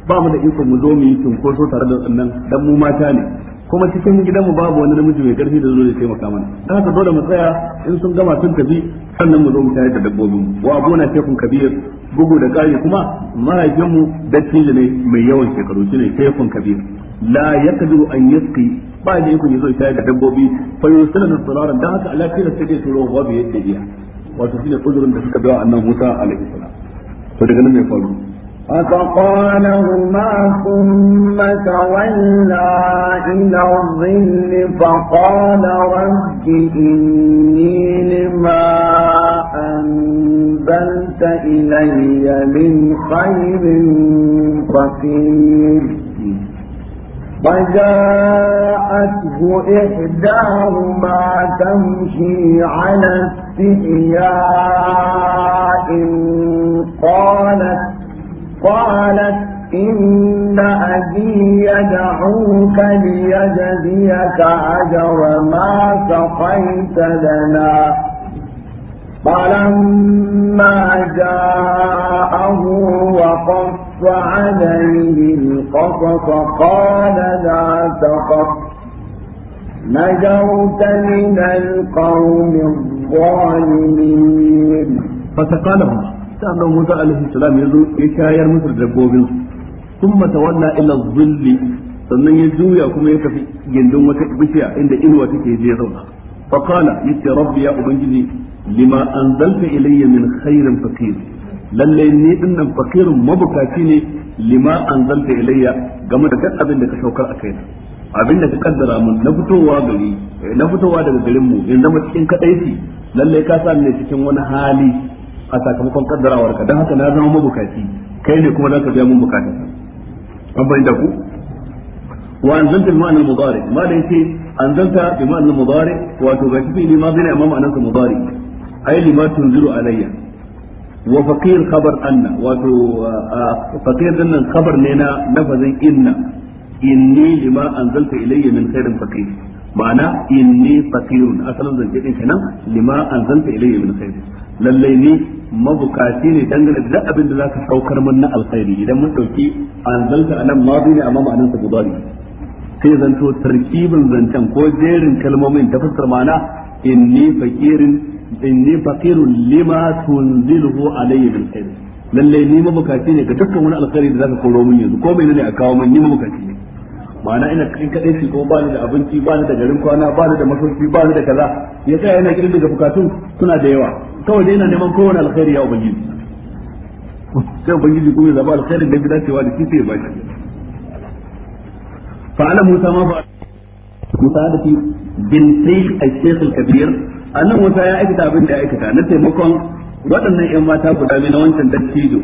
ba mu da iko mu zo mu yi cunkoso tare da sannan dan mu mata ne kuma cikin gidan mu babu wani namiji mai karfi da zo ya taimaka mana dan haka dole mu tsaya in sun gama sun tafi sannan mu zo mu tare da dabbobin wa abuna shekun kabir bugu da kai kuma mahaifinmu dattijo ne mai yawan shekaru shine shekun kabir la yaqdiru an yasqi ba da yakun yazo tare da dabbobi fa yusallu sirara dan haka Allah kira take su ruwa babu yadda iya wato shine kudurin da suka bawa annabi Musa alaihi salam to daga nan mai faru فتقالهما ثم تولى إلى الظل فقال رب إني لما أنزلت إلي من خير فقير فجاءته إحداهما تمشي على استحياء قالت قالت إن أبي يدعوك ليجزيك أجر ما سقيت لنا فلما جاءه وقص عليه القصص قال لا تقص نجوت من القوم الظالمين فسقى لهم sai Musa alaihi salam ya zo ya shayar musu dabbobin mata tawalla ila zulli sannan ya juya kuma ya tafi gindin wata bishiya inda inuwa take je zauna fa qala yace rabbi ya ubangiji lima anzalta ilayya min khairin faqir lalle ni dinnan faqir mabukaci ne lima anzalta ilayya game da duk abin da ka saukar a kaina abin da ka kaddara mun na fitowa gari na fitowa daga garin mu in zama cikin kadaici lalle ka sa ni cikin wani hali a sakamakon kaddarawar ka dan haka na zama mabukaci kai ne kuma zaka biya mun bukata an bayyana ku wa anzalta bi ma'anil mudari ma da yake anzalta bi ma'anil mudari wato ga kifi ne ma bina imam anan sa mudari ai lima tunziru alayya wa faqir khabar anna wato faqir din nan khabar ne na lafazin inna inni lima anzalta ilayya min khairin faqir ma'ana inni faqirun asalin zance din kenan lima anzalta ilayya min khairin lallai ni mabukaci ne dangane da abin da za ka saukar mun na alkhairi idan mun dauki anzalta anan madi ne amma ma'anar sa gudari sai zanto tarkibin zantan ko jerin kalmomin da fassar mana inni fakirin inni fakirun lima tunzilhu alayhi bil khair lalle ni mabukaci ne ga dukkan wani alkhairi da za ka koro mun yanzu ko menene a kawo mun ni mabukaci ne ma'ana ina kin kadai shi ko bani da abinci bani da garin kwana bani da masauki bani da kaza ya tsaya kirin daga bukatun suna da yawa kawai dai yana neman kowane alkhairi ya ubangiji sai ubangiji kuma ya zaba alkhairin da bi dacewa da shi sai ya bashi fa ala musa ma fa musaadati bin shaykh al-shaykh al-kabir annan musa ya aikata abin da ya aikata na taimakon waɗannan ƴan mata guda biyu na wancan dattijo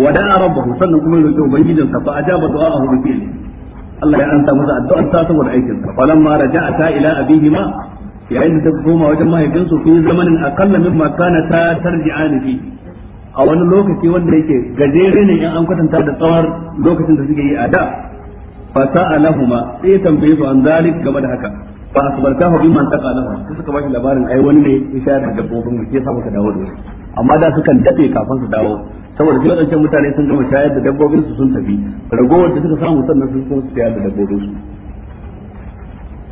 wada rabbahu sannan kuma ya roƙi ubangijinsa fa ajaba du'a'ahu bi fi'li Allah ya anta masa addu'ar ta saboda aikin sa falamma raja'a ila abihima yayin da ta koma wajen mahaifinsu fi zamanin aqalla mimma kana ta tarji'ani fi a wani lokaci wanda yake gajere ne in an kwatanta da tsawar lokacin da suke yi a da fa sa'alahuma sai tambaye su an zalik game da haka fa asbartahu bima taqa su su suka bashi labarin ai wani ne ya shayar da dabbobin mu ke sa muka dawo da amma da sukan dade kafin su dawo saboda shi wadancan mutane sun gama shayar da dabbobin su sun tafi ragowar da suka samu sannan sun so su shayar da dabbobin su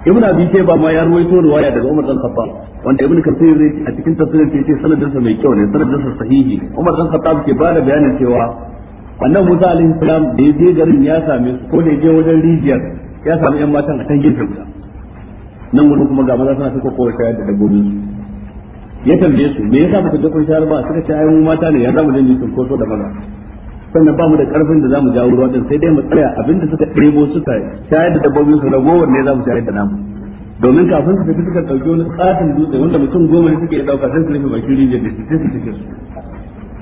ibn abi shayba ma ya ruwaito riwaya daga umar dan khattab wanda ibn kathir a cikin tafsirin sai ce sanadin sa mai kyau ne sanadin sa sahihi umar dan khattab ke ba da bayanin cewa annabi Musa alaihi salam da ya je garin ya same su ko da ya je wajen rijiyar ya samu yan matan a kan gefe guda nan gudu kuma ga maza suna suka kowa shayar da dabbobin su ya tambaye su me yasa baka je kun shayar ba suka ce ai mu mata ne ya zamu je mu ko so da maza sannan ba mu da karfin da zamu jawo ruwan sai dai mu tsaya abinda suka ɗebo suka shayar da dabbobin su ragowar ne zamu shayar da namu domin kafin su tafi suka ɗauki wani tsatin dutse wanda mutum goma ne suke ɗauka sai su rufe bakin rijiyar da sai su cike su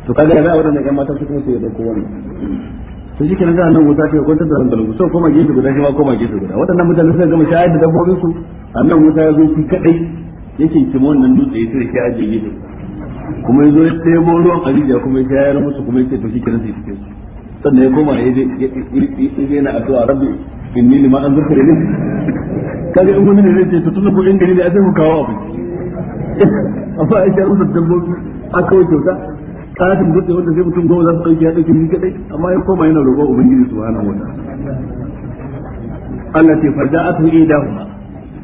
to kaga da wadannan ƴan mata su kuma su ɗauko wannan su shi kenan za'a nan wuta ce ta da rangalu so koma gefe guda shi ma koma gefe guda waɗannan mutane suka gama shayar da dabbobin su nan wuta ya zo shi kaɗai yake kimo wannan dutse ya tare shi a gefe guda kuma ya zo ya ɗebo ruwan Khadija kuma ya shayar musu kuma ya ce to shi kenan sai cikin su sannan ya koma ya je na addu'a rabbi inni lima an zukare ne kaga in kuma ne zai ce to tunda ko in gari ne a sai ku kawo abu amma ai shayar musu dabbobi a kawai kyauta katin dutse wanda sai mutum goma za su ɗauki ya ɗauki ni kaɗai amma ya koma yana roƙon ubangiji subhanahu wa ta'ala Allah ce farja a sun iya dawo.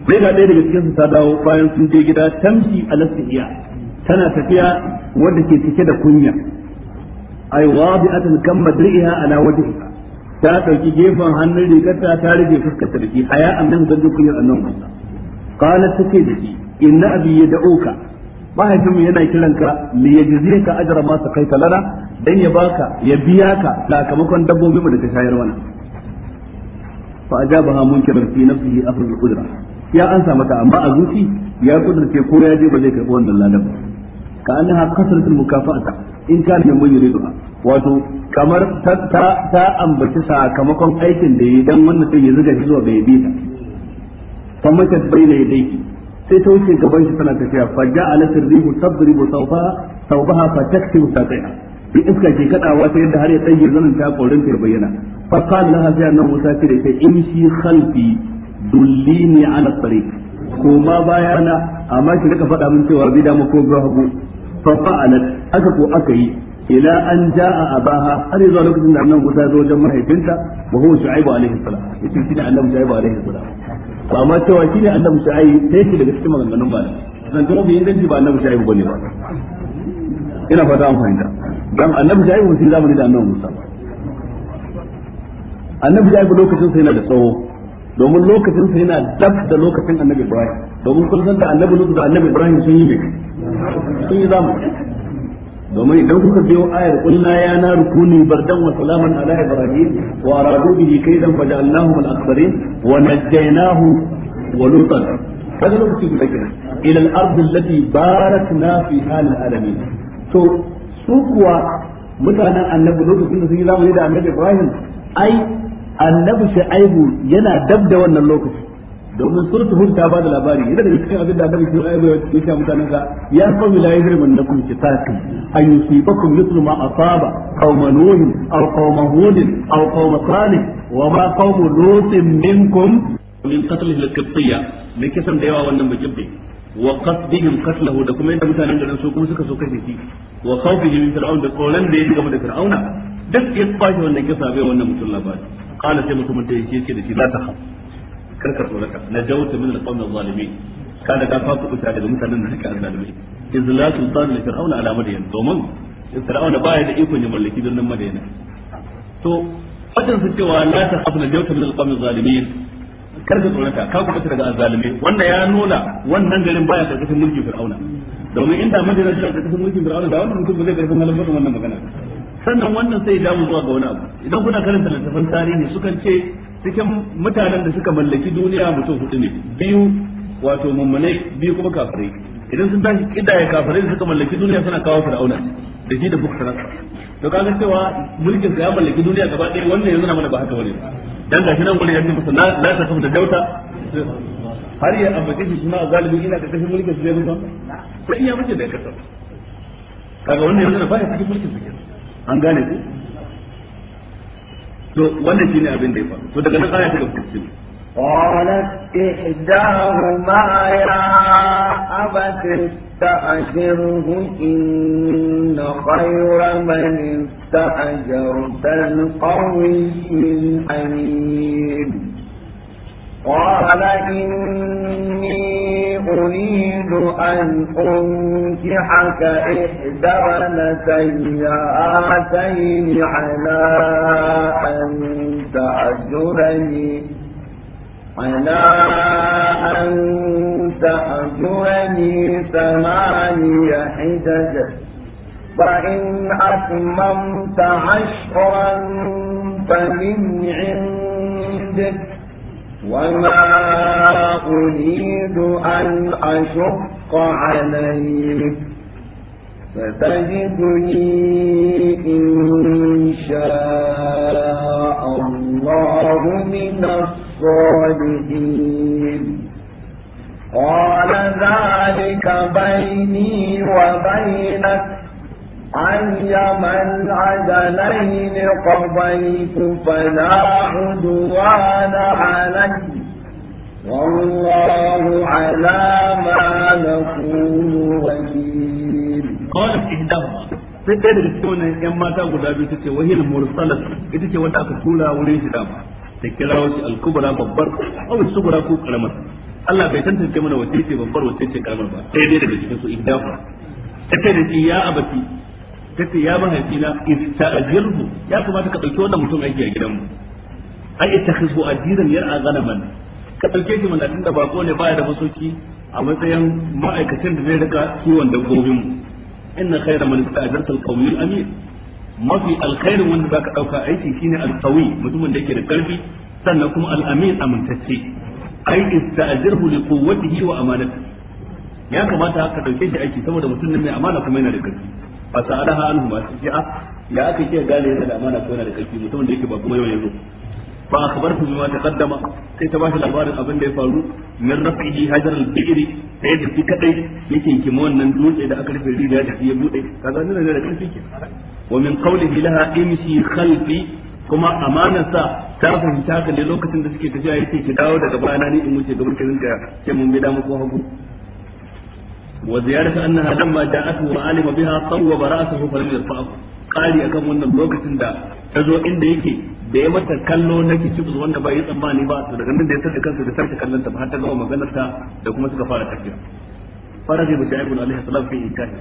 Bai ga ɗaya daga cikinsu ta dawo bayan sun je gida tamshi a lastihiya tana tafiya wadda ke cike da kunya ay wadi'atan kam madri'iha ala wajhiha ta dauki gefen hannun rigarta ta rage fuskar ta dake haya annan da duk kunyar annon musa qala take da shi inna abi yad'uka Mahaifinmu yana kiranka li yajzika ajra ma saqaita lana dan ya baka ya biya ka sakamakon dabbobi mu da ta shayar mana fa ajabaha munkiran fi nafsihi afrul qudra ya ansa mata amma a zuci ya kudurce ko ya je ba zai karbi wannan ladan ba ka annaha kasratul mukafa'ata in kana min ba. wato kamar ta ta ambaci sakamakon aikin da yi wannan sai ya zuga shi zuwa bai bi ta kamar ta bayyana yadayki sai ta wuce gaban shi tana tafiya fa ala sirrihu tadribu sawfa sawbaha fa taktibu satiha bi iska ke kadawa sai yadda har ya tsaye zanin ta korin ta bayyana fa qala laha ya annabi Musa ce da sai in shi khalfi dullini ala tariq kuma ma bayana amma ki rika faɗa min cewa bi da mu ko ga hagu fa fa'alat aka ko aka yi ila an jaa abaha har yanzu lokacin da annabi ta zo wajen mahaifinta wa huwa Shu'aibu alaihi salam yace shi ne annabi Shu'aibu alaihi salam ba ma cewa shi ne annabi Shu'aibu sai shi daga cikin maganganun ba zan tura bi inganci ba annabi Shu'aibu bane ba ina fata an fahimta dan annabi Shu'aibu mun zamani da annabi Musa annabi Shu'aibu lokacin sai na da tsawo domin lokacin sai na daf da lokacin annabi Ibrahim domin kun san da annabi Lut da annabi Ibrahim sun yi biki sun yi zamu domin idan kuka biyo ayar kulna ya na rukuni bardan wa salaman ala ibrahim wa aradu bihi kaidan fa ja'alnahu al aktharin wa najjaynahu wa lutan kaga lokaci guda kenan ila al ard allati barakna fi hal al alamin to su kuwa mutanen annabi lokacin da sun yi zamani da annabi ibrahim ai annabi aibu yana dab da wannan lokaci domin suratul hud ta bada labari yana daga cikin abin da annabi ke ayyuka ya ce mutanen ka ya qawmi la yajriman lakum kitaqi an yusibakum mithlu ma asaba qawma nuh aw qawma hud aw qawma salih wa ma qawmu lutin minkum min qatlihi al-qibtiyya me kisan da yawa wannan bujibbi wa qasdihim qatlahu da kuma yadda mutanen garin su kuma suka so kashe shi wa khawfihi min fir'aun da tsoron da ya shiga da fir'auna duk ya kwashe wannan kisa bai wannan mutum labari qala sai mutumin da yake ce da shi la ta karka tsoraka na jawta min ka fa daga mutanen da suka iz la sultan li fir'auna ala madyan domin fir'auna baya da ikon ya mallaki birnin madyan to fadin su cewa la ta jawta min ka daga ya nuna wannan garin baya karkashin fir'auna domin inda madyan ta karkashin mulkin fir'auna da wannan mutum zai karkashin wannan magana sannan wannan sai ya damu zuwa ga wani abu idan kuna karanta littafin tarihi sukan ce cikin mutanen da suka mallaki duniya mutum hudu ne biyu wato mummune biyu kuma kafirai idan sun tashi kidaya kafirai da suka mallaki duniya suna kawo fir'auna da shi da buksarar to kaga cewa mulkin ya mallaki duniya gaba ɗaya wannan yanzu na mana ba haka bane dan gashi nan gure yanzu musulma la ta kuma da dauta har ya ambace shi kuma galibi ina da kashi mulkin su zai mutu sai ya mace da kasar kaga wannan yanzu na baya cikin mulkin su an gane ku to wannan shine abin da ya faru to daga nan aya ta ga kuce qalat ihdahuma ya abat ta'jiruhu inna khayra man ta'jaru tan qawiyyun amin قال إني أريد أن أنكحك إحدى بنتي هاتين على أن تأجرني على أن تأجرني ثماني حجج فإن أتممت عشرا فمن عندك وما أريد أن أشق عليك فتجدني إن شاء الله من الصالحين قال ذلك بيني وبينك عن يمن عدلين قضيت فلا عدوان علي والله على ما نقول وكيل قالت إهداهما sai ɗaya daga cikin wannan ‘yan mata guda biyu ta ce wahil mursalat ita ce wanda aka tura wurin shi dama ta kira wasu alkubra babbar wasu sugura ko karamar Allah bai tantance mana wace ce babbar wace ce karamar ba sai dai daga cikin su iddafa ta ce da shi ya abati tace ya mahaifina ista'jirhu ya kamata ka dauki wannan mutum aiki a gidanmu ai ittakhizhu adiran yar'a ganaman ka dauke shi mana tunda bako ne baya da masoki a matsayin ma'aikacin da zai rika kiwon dabbobin mu inna khayra man ista'jarta al-qawmi al-amir mafi alkhairin wanda zaka dauka aiki shine al-qawi mutumin da yake da karfi sannan kuma al-amin amintacce ai ista'jirhu li quwwatihi wa amanatihi ya kamata ka dauke shi aiki saboda mutum ne mai amana kuma yana da karfi fa sa'alaha anhu ma ji'a ya aka kiyar gane yana da amana ko yana da kalfi mutumin da yake ba kuma yau yanzu fa akhbartu bima taqaddama sai ta bashi labarin abin da ya faru min rafihi hajar al-bikri sai da shi kadai yake kima wannan dutse da aka rufe rijiya da ya bude kaga nuna ne da kalfi ke wa min qawlihi laha imshi khalfi kuma sa ta fahimta ka ne lokacin da suke tafiya yake ki dawo daga bayana ni in wuce gaban kirin ka ce mun bi da mu ko hagu وزيادة أنها لما جاءته وعلم بها صوب رأسه فلم يرفعه قال أكم من اللوكة دا تزو إن ديكي da ya mata kallo na kicibus wanda ba yi tsammani ba to daga nan da ya sarka kansa da sarka kallon ta ta da kuma suka fara tafiya alaihi salam fi ikani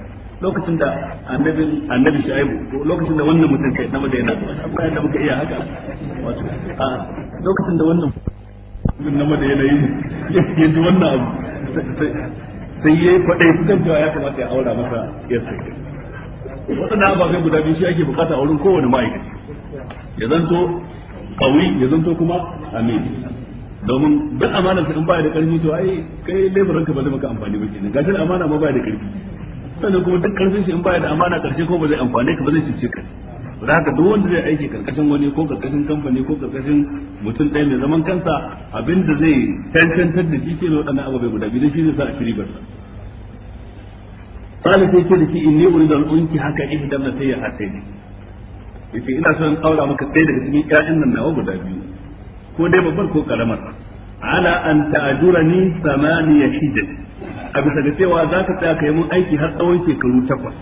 lokacin da annabi annabi shaibu lokacin da wannan mutum kai na madaina akwai da muka iya haka wato a lokacin da wannan mutum da yana yi yanzu wannan abu sai yayi kwadai kan cewa ya kamata ya aura masa yarsa waɗannan ababen guda biyu shi ake bukata a wurin kowane ma'aikaci ya zanto kawi ya zanto kuma amin domin duk amanar in baya da karfi to ai kai laifin ka ba zai maka amfani ba kenan gashin amana ma baya da karfi sannan kuma duk karfin shi in baya da amana karshe ko ba zai amfane ka ba zai cuce ka da haka duk wanda zai aiki karkashin wani ko karkashin kamfani ko karkashin mutum ɗaya mai zaman kansa abinda zai tantantar da shi ke waɗannan ababai guda biyu shi zai sa a firibar sa sai sai ce da shi ne wani da al'unki haka in damna sai ya hatai ne yake ina son ƙaura maka ɗaya daga cikin ƴaƴan nan nawa guda biyu ko dai babbar ko karamar ala an ta'ajurani samaniya da a bisa ga cewa za ka tsaya ka yi mun aiki har tsawon shekaru takwas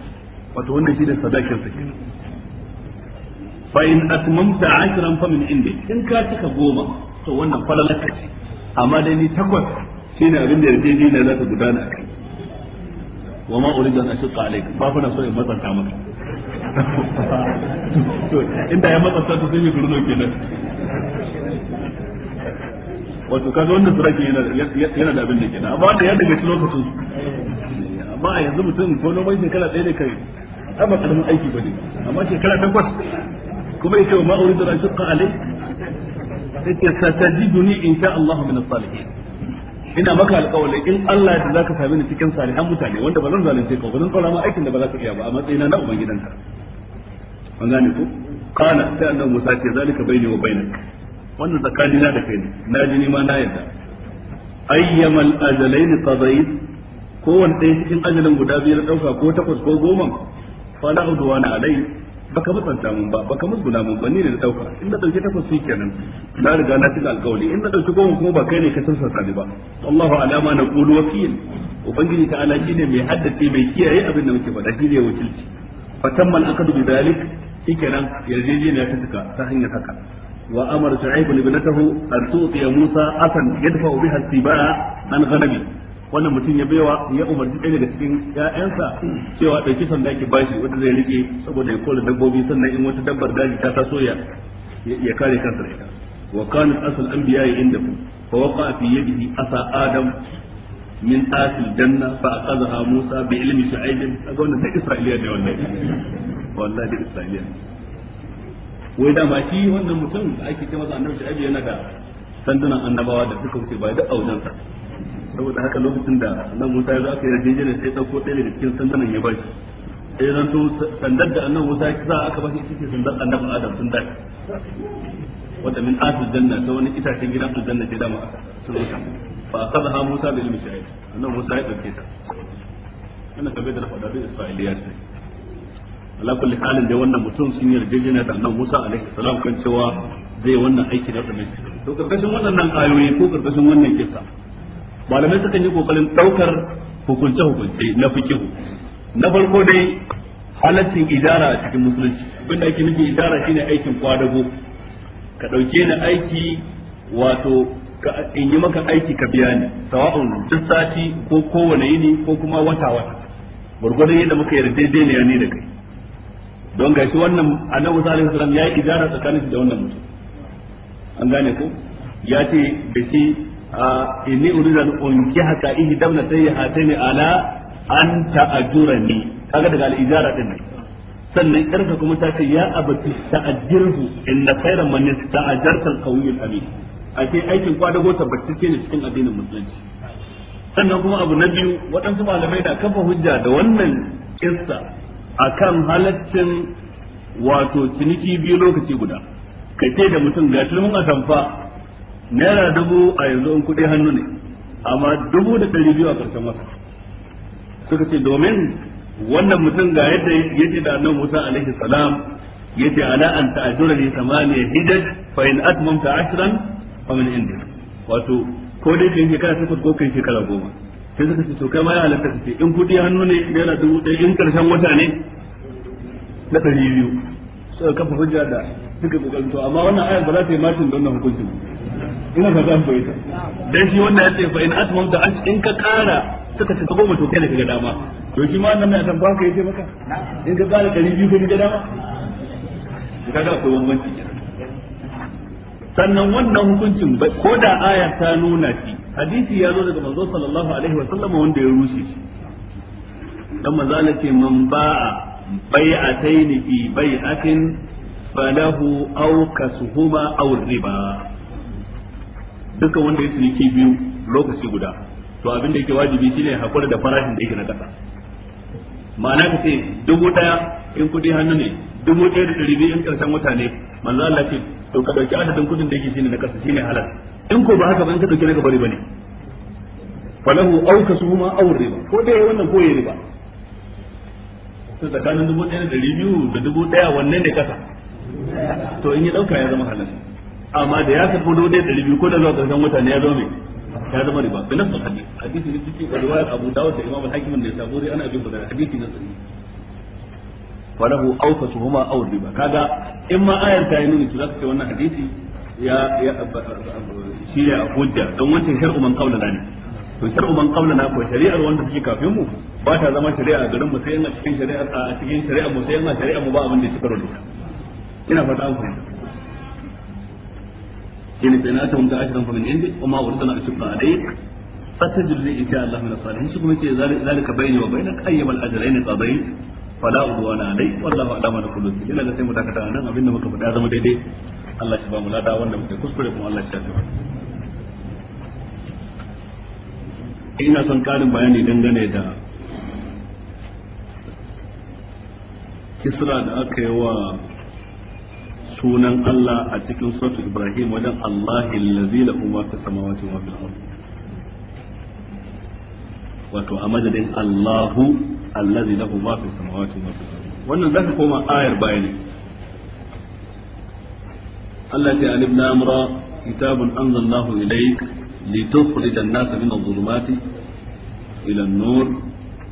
wato wannan shi da sadakin sa kenan fa in atmamta ashran fa min indi in ka cika goma to wannan falalaka ce amma dai ni takwas shine abin da yarjejeniya za ta gudana akai wa ma uridu an ashqa alayk ba fa na so in matsanta maka inda ya matsanta to sai ya gurno kenan wato kaga wannan surake yana yana da abin da kenan amma da ya daga cikin lokacin amma a yanzu mutum ko noman shekara ɗaya ne kai amma ba karamin aiki ba ne amma shekara takwas kuma yace ma uridu an shaqqa alayk yace satajiduni insha Allah min as-salihin ina maka alƙawari in Allah da zaka same ni cikin salihan mutane wanda ba zan zalunce ka ba zan tsara ma aikin da ba za ka iya ba a matsayina na uban gidanka an gane ko kana sai annabi Musa ce zalika baini wa bainak wannan tsakanina da kai ne na ji ni ma na yadda ayyamal ajalaini qadayt kowanne ɗaya cikin ajalin guda biyar ɗauka ko takwas ko goma fa la udwana alai baka mutunta mun ba baka musguna mun ba ni ne na dauka in da dauke takwas shi kenan na riga na cika alkawari in da dauke goma kuma ba kai ne ka tarsasa ni ba Allahu alama na qulu wakil ubangiji ta ala shine mai haddace mai kiyaye abin da muke faɗa shine wakilci fatamma al-aqdu bi dhalik shikenan yarjejeniya ta cika ta hanyar haka wa amara shu'aib ibnatahu an tu'tiya musa asan yadfa'u biha al-sibaa an ghanami wannan mutum ya baiwa ya umarci ɗaya daga cikin ƴaƴansa cewa ɗauki sanda ki bashi wanda zai rike saboda ya kore dabbobi sannan in wata dabbar daji ta taso ya ya kare kansa da ita wa kana asal anbiya ku. fa waqa fi yadihi asa adam min asil janna fa aqadha musa bi ilmi sa'id aga wannan sai isra'iliya ne wannan wallahi da isra'iliya wai da ma shi wannan mutum da ake ce masa annabi yana da sandunan annabawa da suka wuce ba da audansa saboda haka lokacin da nan Musa ya zo aka yarjejeniya sai dauko ɗaya daga cikin sandanan ya bashi sai zan sandar da annabi Musa ya za aka bashi ita sandar annabi Adam sun dace wata min atul janna ta wani itacen gidan aljanna ce dama sun wuce fa akhadha Musa bil annabi Musa ya dauke ta kabe da Isra'iliya sai ala kulli halin da wannan mutum sun da annabi Musa alaihi salam kan cewa zai wannan aiki da wannan to karkashin waɗannan ayoyi ko karkashin wannan kisa malamai sukan yi kokarin daukar hukunce hukunce na fikihu na farko dai halaccin idara a cikin musulunci abinda ake nufi idara shine aikin kwadago ka dauke ni aiki wato in yi maka aiki ka biya ni sawa'un duk sati ko kowane yini ko kuma wata wata gurgurdan yadda muka daidai ne da kai don gashi wannan annabi sallallahu alaihi wasallam ya yi idara tsakanin da wannan mutum an gane ko ya ce da shi inni uridu an unkihaka ihdamna sayyi'ataini ala an ta'jurani kaga daga al-ijara din nan sannan karka kuma ta ce ya abati ta'ajirhu inna khayran man ta'ajarta al-qawiyyul amin ake aikin kwadago tabbatacce ne cikin addinin musulunci sannan kuma abu na biyu waɗansu malamai na kafa hujja da wannan kissa akan halaccin wato ciniki biyu lokaci guda ka da mutum ga turmin atamfa naira dubu a yanzu in kuɗi hannu ne amma dubu da ɗari biyu a ƙarshen wata suka ce domin wannan mutum ga yadda ce da annabi Musa alaihi salam ce ala an ta'ajura ni samaniya hijaj fa in atmamta ashran fa min indi wato ko dai kai shekara takwas ko kai shekara goma sai suka ce to kai ma ya halatta ka ce in kuɗi hannu ne naira dubu ɗaya in ƙarshen wata ne na ɗari biyu suka kafa hujja da suka kokarin to amma wannan ayar ba za ta yi matin don na hukuncin ina ba zan bayyana dan shi wanda ya ce fa in atmam da ash in ka kara suka ci goma to kai ne ga dama to shi ma nan mai san baka yace maka in ka kara 200 ka ga dama kaga akwai bambanci sannan wannan hukuncin ko da aya ta nuna shi hadisi ya zo daga manzo sallallahu alaihi wa sallam wanda ya rushe shi dan manzo Allah ce man ba'a bai'ataini fi bai'atin falahu aw kasuhuma aw riba dukkan wanda ya ciniki biyu lokaci guda to abin da yake wajibi shine hakuri da farashin da yake na kasa ma'ana ka ce dubu daya in kudi hannu ne dubu daya da ɗari biyu in karshen wata ne manzo Allah ce to ka dauki adadin kudin da yake shine na kasa shine halal in ko ba haka ba in ka dauki na gaba riba ne falahu aw kasuhuma aw riba ko dai wannan ko ya riba to tsakanin dubu daya da ɗari biyu da dubu daya wanne ne kasa to in ya dauka ya zama halal amma da ya tafi dubu ɗaya ɗari biyu ko da zuwa ƙarshen wata ne ya zama mai ya zama riba bi nafsul hadith hadisi ne cikin riwayar Abu Dawud da Imam Al-Hakim da Saburi ana bin da hadisi na sahihi falahu awfasuhuma aw riba kaga in ma ayar ta yi nuni to zaka ce wannan hadisi ya ya shi ya hujja don wancan shar'u man qawla ne to shar'u man qawla na ko shari'ar wanda take kafin mu ba ta zama shari'a garin mu sai in a cikin shari'ar a cikin shari'ar mu sai in a shari'ar mu ba abin da ya shiga ita ina fata an fahimta shine sai na tawanta ashran fa min indi wa ma ursala ashqa alayk fatajri in sha Allah min as-salihin shi kuma ce zalika bayni wa bainak ayyama al-ajrayn qadayt fala udwana alay wallahu ala ma kullu shay'in illa sai mu dakata nan abinda muka faɗa zama daidai Allah shi ba mu lada wanda muke kuskure kuma Allah shi ya tafi ina son karin bayani dangane da kisra da aka yi wa sunan Allah a cikin suratul Ibrahim wajen Allahi allazi lahu ma fis samawati wa fil ardh wato a madadin Allahu allazi lahu ma fis samawati wa fil ardh wannan zaka koma ayar bayani Allah ya alif na amra kitabun anzalallahu ilayk litukhrijan nasa min adh-dhulumati ila an-nur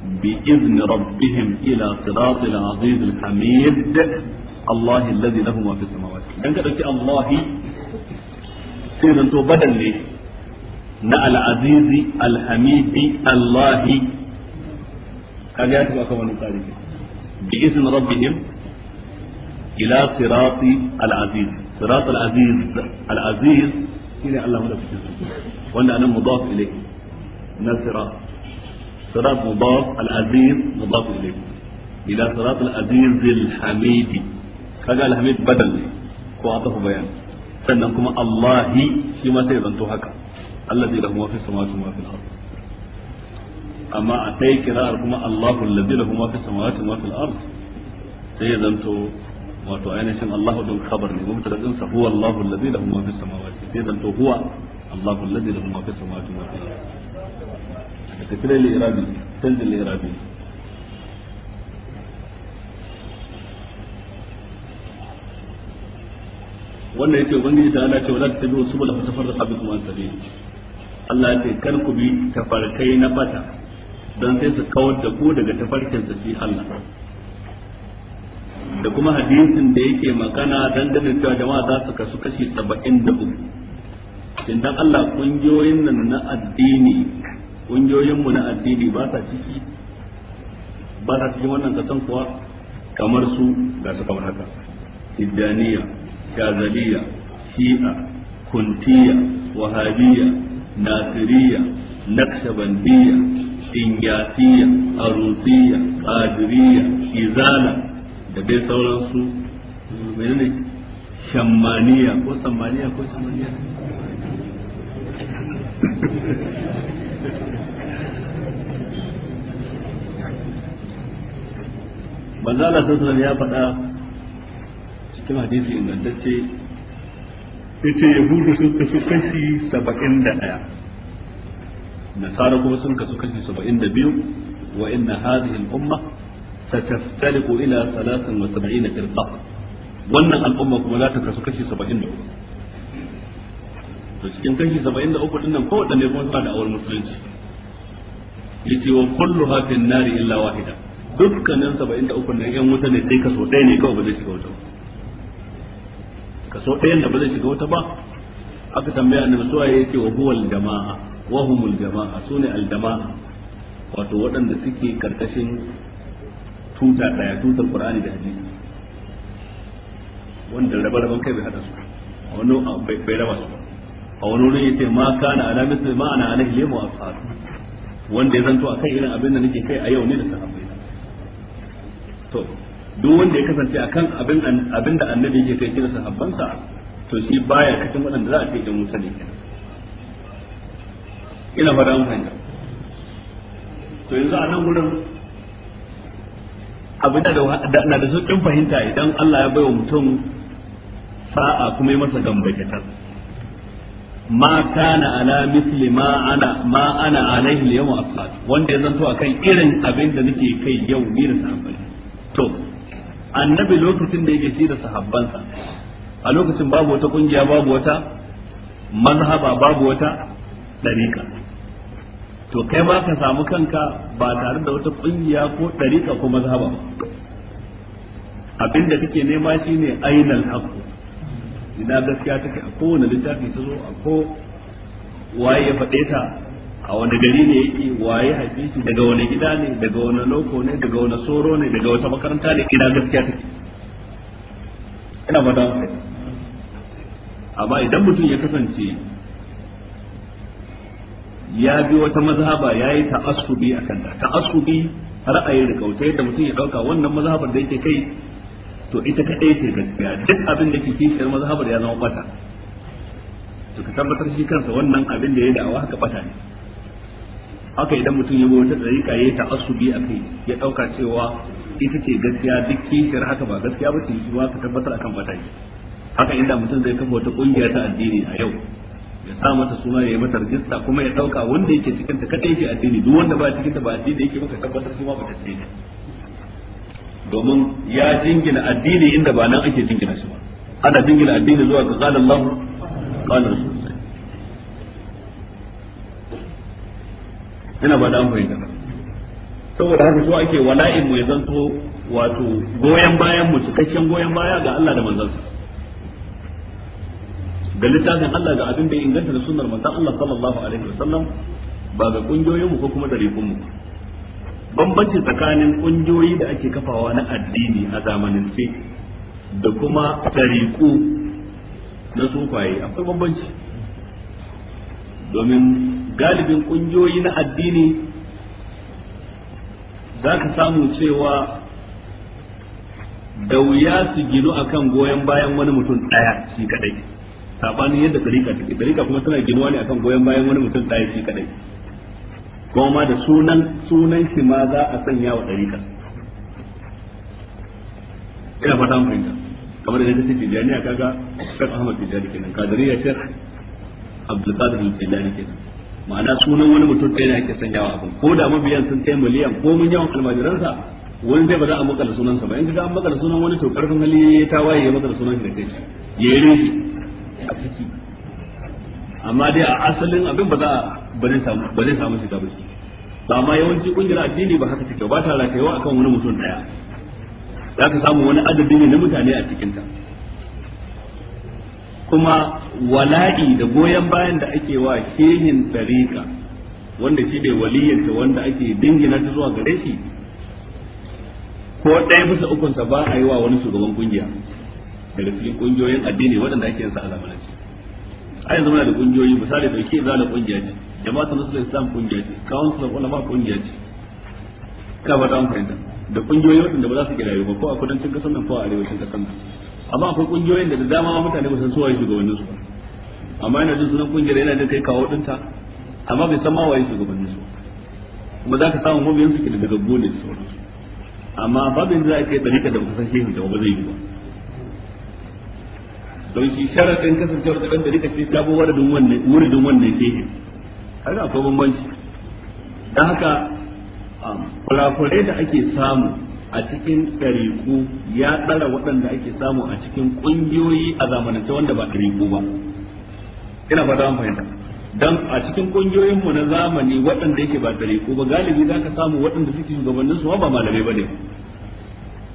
بإذن ربهم إلى صراط العزيز الحميد الله الذي لهما في السماوات ان كدكي الله سي زنتو بدل لي نا العزيز الحميد الله كاجاتو اكو من قاري باذن ربهم الى صراط العزيز صراط العزيز العزيز سيدي الله ولا في وانا انا مضاف اليه من الصراط صراط مضاف العزيز مضاف اليه الى صراط العزيز الحميد kaga alhamid badal ne ko atafu bayan sannan kuma allahi shi ma sai zanto haka Allah zai lahu ma samawati wa fil ard amma a ɗaya kira'ar kuma Allahu allazi lahu ma samawati wa fil ard sai zanto wato ainihin Allahu dun khabar ne mutum da sa huwa Allahu allazi lahu ma samawati sai zanto huwa Allahu allazi lahu ma samawati wa fil ard da kira li irabi wannan yace ubangiji ta Allah ce wala tabi'u subula fa tafarraqa bikum an sabili Allah ya ce kar ku bi tafarkai na bata dan sai su kawar da ku daga tafarkin sa shi Allah da kuma hadisin da yake magana dangane cewa jama'a za su kasu kashi 73 dan Allah kungiyoyin nan na addini kungiyoyin mu na addini ba ta ciki ba ta cikin wannan kasan kuwa kamar su ga su kamar haka Tijjaniya, shazaliya shi'a kuntiya wahabiya nasiriya naqshbandiya inyatiya arusiya qadiriyya izala da dai sauransu menene ko sammaniya ya faɗa cikin hadisi ingantacce yace yahudu sun kasu kashi saba'in da ɗaya nasara kuma sun kasu kashi saba'in da biyu wa inna hadhihi al-umma ستفترق إلى ثلاث وسبعين فرقة wannan al'umma kuma za ta kasu kashi saba'in da uku to cikin kashi saba'in da uku dinnan kowaɗanne kuma suna da awar musulunci yace wa kullu hafin nari illa wahida dukkanin saba'in da uku nan yan wuta ne sai kaso ɗaya ne kawai ba zai shiga wuta ba kaso ɗayan da ba zai shiga wata ba aka tambaya annabi suwa yake wa huwal jama'a wa humul jama'a sune al jama'a wato waɗanda suke karkashin tuta daya tutar qur'ani da hadisi wanda rabar ban kai bai hada su a wani bai raba su a wani wurin yace ma kana ala misli ma ana alaihi limu ashabi wanda ya zanto akan irin abin da nake kai a yau ne da sahabbai to duk wanda ya kasance akan abin abin da annabi yake kai kira sahabbansa to shi baya cikin wadanda za a ce da Musa ne ina fara mun fahimta to yanzu a nan gurin abin da na da sauƙin fahimta idan Allah ya baiwa mutum sa'a kuma ya masa gambaketar ma kana ala misli ma ana ma ana alaihi al-yawma wanda ya zanto akan irin abin da nake kai yau ni da sahabbai to annabi lokacin da yake shi da sahabbansa a lokacin babu wata kungiya babu wata mazhaba babu wata dariƙa to kai ma ka samu kanka ba tare da wata kungiya ko dariƙa ko mazhaba ba abinda kake nema shine ainal haqq ina gaskiya take a kowane littafi ta zo a waye ya faɗe ta a wani gari ne yake waye hadisi daga wani gida ne daga wani loko ne daga wani soro ne daga wata makaranta ne ina gaskiya take ina ba da amma idan mutum ya kasance ya bi wata mazhaba ya yi ta'assubi a kanta ta'assubi ra'ayi da kauta yadda mutum ya dauka wannan mazhabar da yake kai to ita kadai ce gaskiya duk abin da ke kishiyar mazhabar ya zama bata to ka tabbatar shi kansa wannan abin da ya da'awa haka bata ne haka idan mutum ya bi wata tsarika ya yi ta'assubi a kai ya ɗauka cewa ita ce gaskiya duk kishiyar haka ba gaskiya ba ce shi ba ka tabbatar akan bataki. haka inda mutum zai kafa wata ƙungiya ta addini a yau ya sa mata suna ya yi mata rajista kuma ya ɗauka wanda yake cikin ta kaɗai ke addini duk wanda ba cikin ta ba addini yake maka tabbatar su ma ba ta ce domin ya jingina addini inda ba nan ake jingina shi ba ana jingina addini zuwa ga qala Allah qala Yana ba da amfani fahimta saboda haka so ake wala'in mu ya zanto wato goyon bayan mu cikakken goyon baya ga Allah da sa ga littafin Allah ga abin da ya inganta da sunnar manzon Allah sallallahu alaihi wasallam ba ga kungiyoyin mu ko kuma dariƙun mu bambanci tsakanin kungiyoyi da ake kafawa na addini a zamanance da kuma tariku na sufaye akwai bambanci domin galibin kungiyoyi na addini za ka samu cewa da wuya su ginu akan goyon bayan wani mutum ɗaya shi kadai sabanin yadda tarika take tarika kuma tana ginuwa ne akan goyon bayan wani mutum ɗaya shi kadai kuma ma da sunan sunan shi ma za a sanya wa tarika ina fata mu fahimta kamar da take a kaga kan Ahmad Tijani kenan kadariya Sheikh Abdul Qadir Tijani kenan ma'ana sunan wani mutum ɗaya ne ake sanyawa abin ko da mabiyan sun kai miliyan ko mun yawan almajiransa wani zai ba za a da sunansa ba in ka an da sunan wani to karfin hali ya waye ya da sunan shi da kai ya yi rinki a ciki amma dai a asalin abin ba za a ba zai samu samu shiga ba shi ba amma yawanci kungiyar addini ba haka take ba ta rakewa akan wani mutum ɗaya za ka samu wani adadi ne na mutane a cikinta kuma wala'i da goyon bayan da ake wa shehin dariƙa wanda shi ne waliyanta wanda ake dingina ta zuwa gare shi ko ɗaya bisa ukunsa ba a yi wa wani shugaban kungiya daga cikin kungiyoyin addini waɗanda ake yin sa a zamanance a yanzu muna da kungiyoyi misali dauke zala kungiya ce jama'atu nasul islam kungiya ce Kawansu da ulama kungiya ce ka ba ta amfani da kungiyoyi waɗanda ba za su yi ba ko a kudancin kasan nan ko a arewacin kasan nan amma akwai kungiyoyin da da dama mutane ba san waye shugabannin su amma yana jin sunan kungiyar yana da kai kawo dinta amma bai san ma waye shugabannin su kuma za ka samu mabiyan su ke da gaggo ne su amma babin da za a kai ɗarika da baka shehu da ba zai yi ba don shi sharaɗin kasancewar da ɗan ka ce ta bi wuridin wannan shehu haka akwai bambanci don haka um, kurakurai da ake samu a cikin ɗariku ya tsara waɗanda ake samu a cikin ƙungiyoyi a zamanance wanda ba ɗariku ba ina fata an fahimta don a cikin ƙungiyoyinmu na zamani waɗanda yake ba ɗariku ba galibi za ka samu waɗanda suke shugabannin su ba malamai ba ne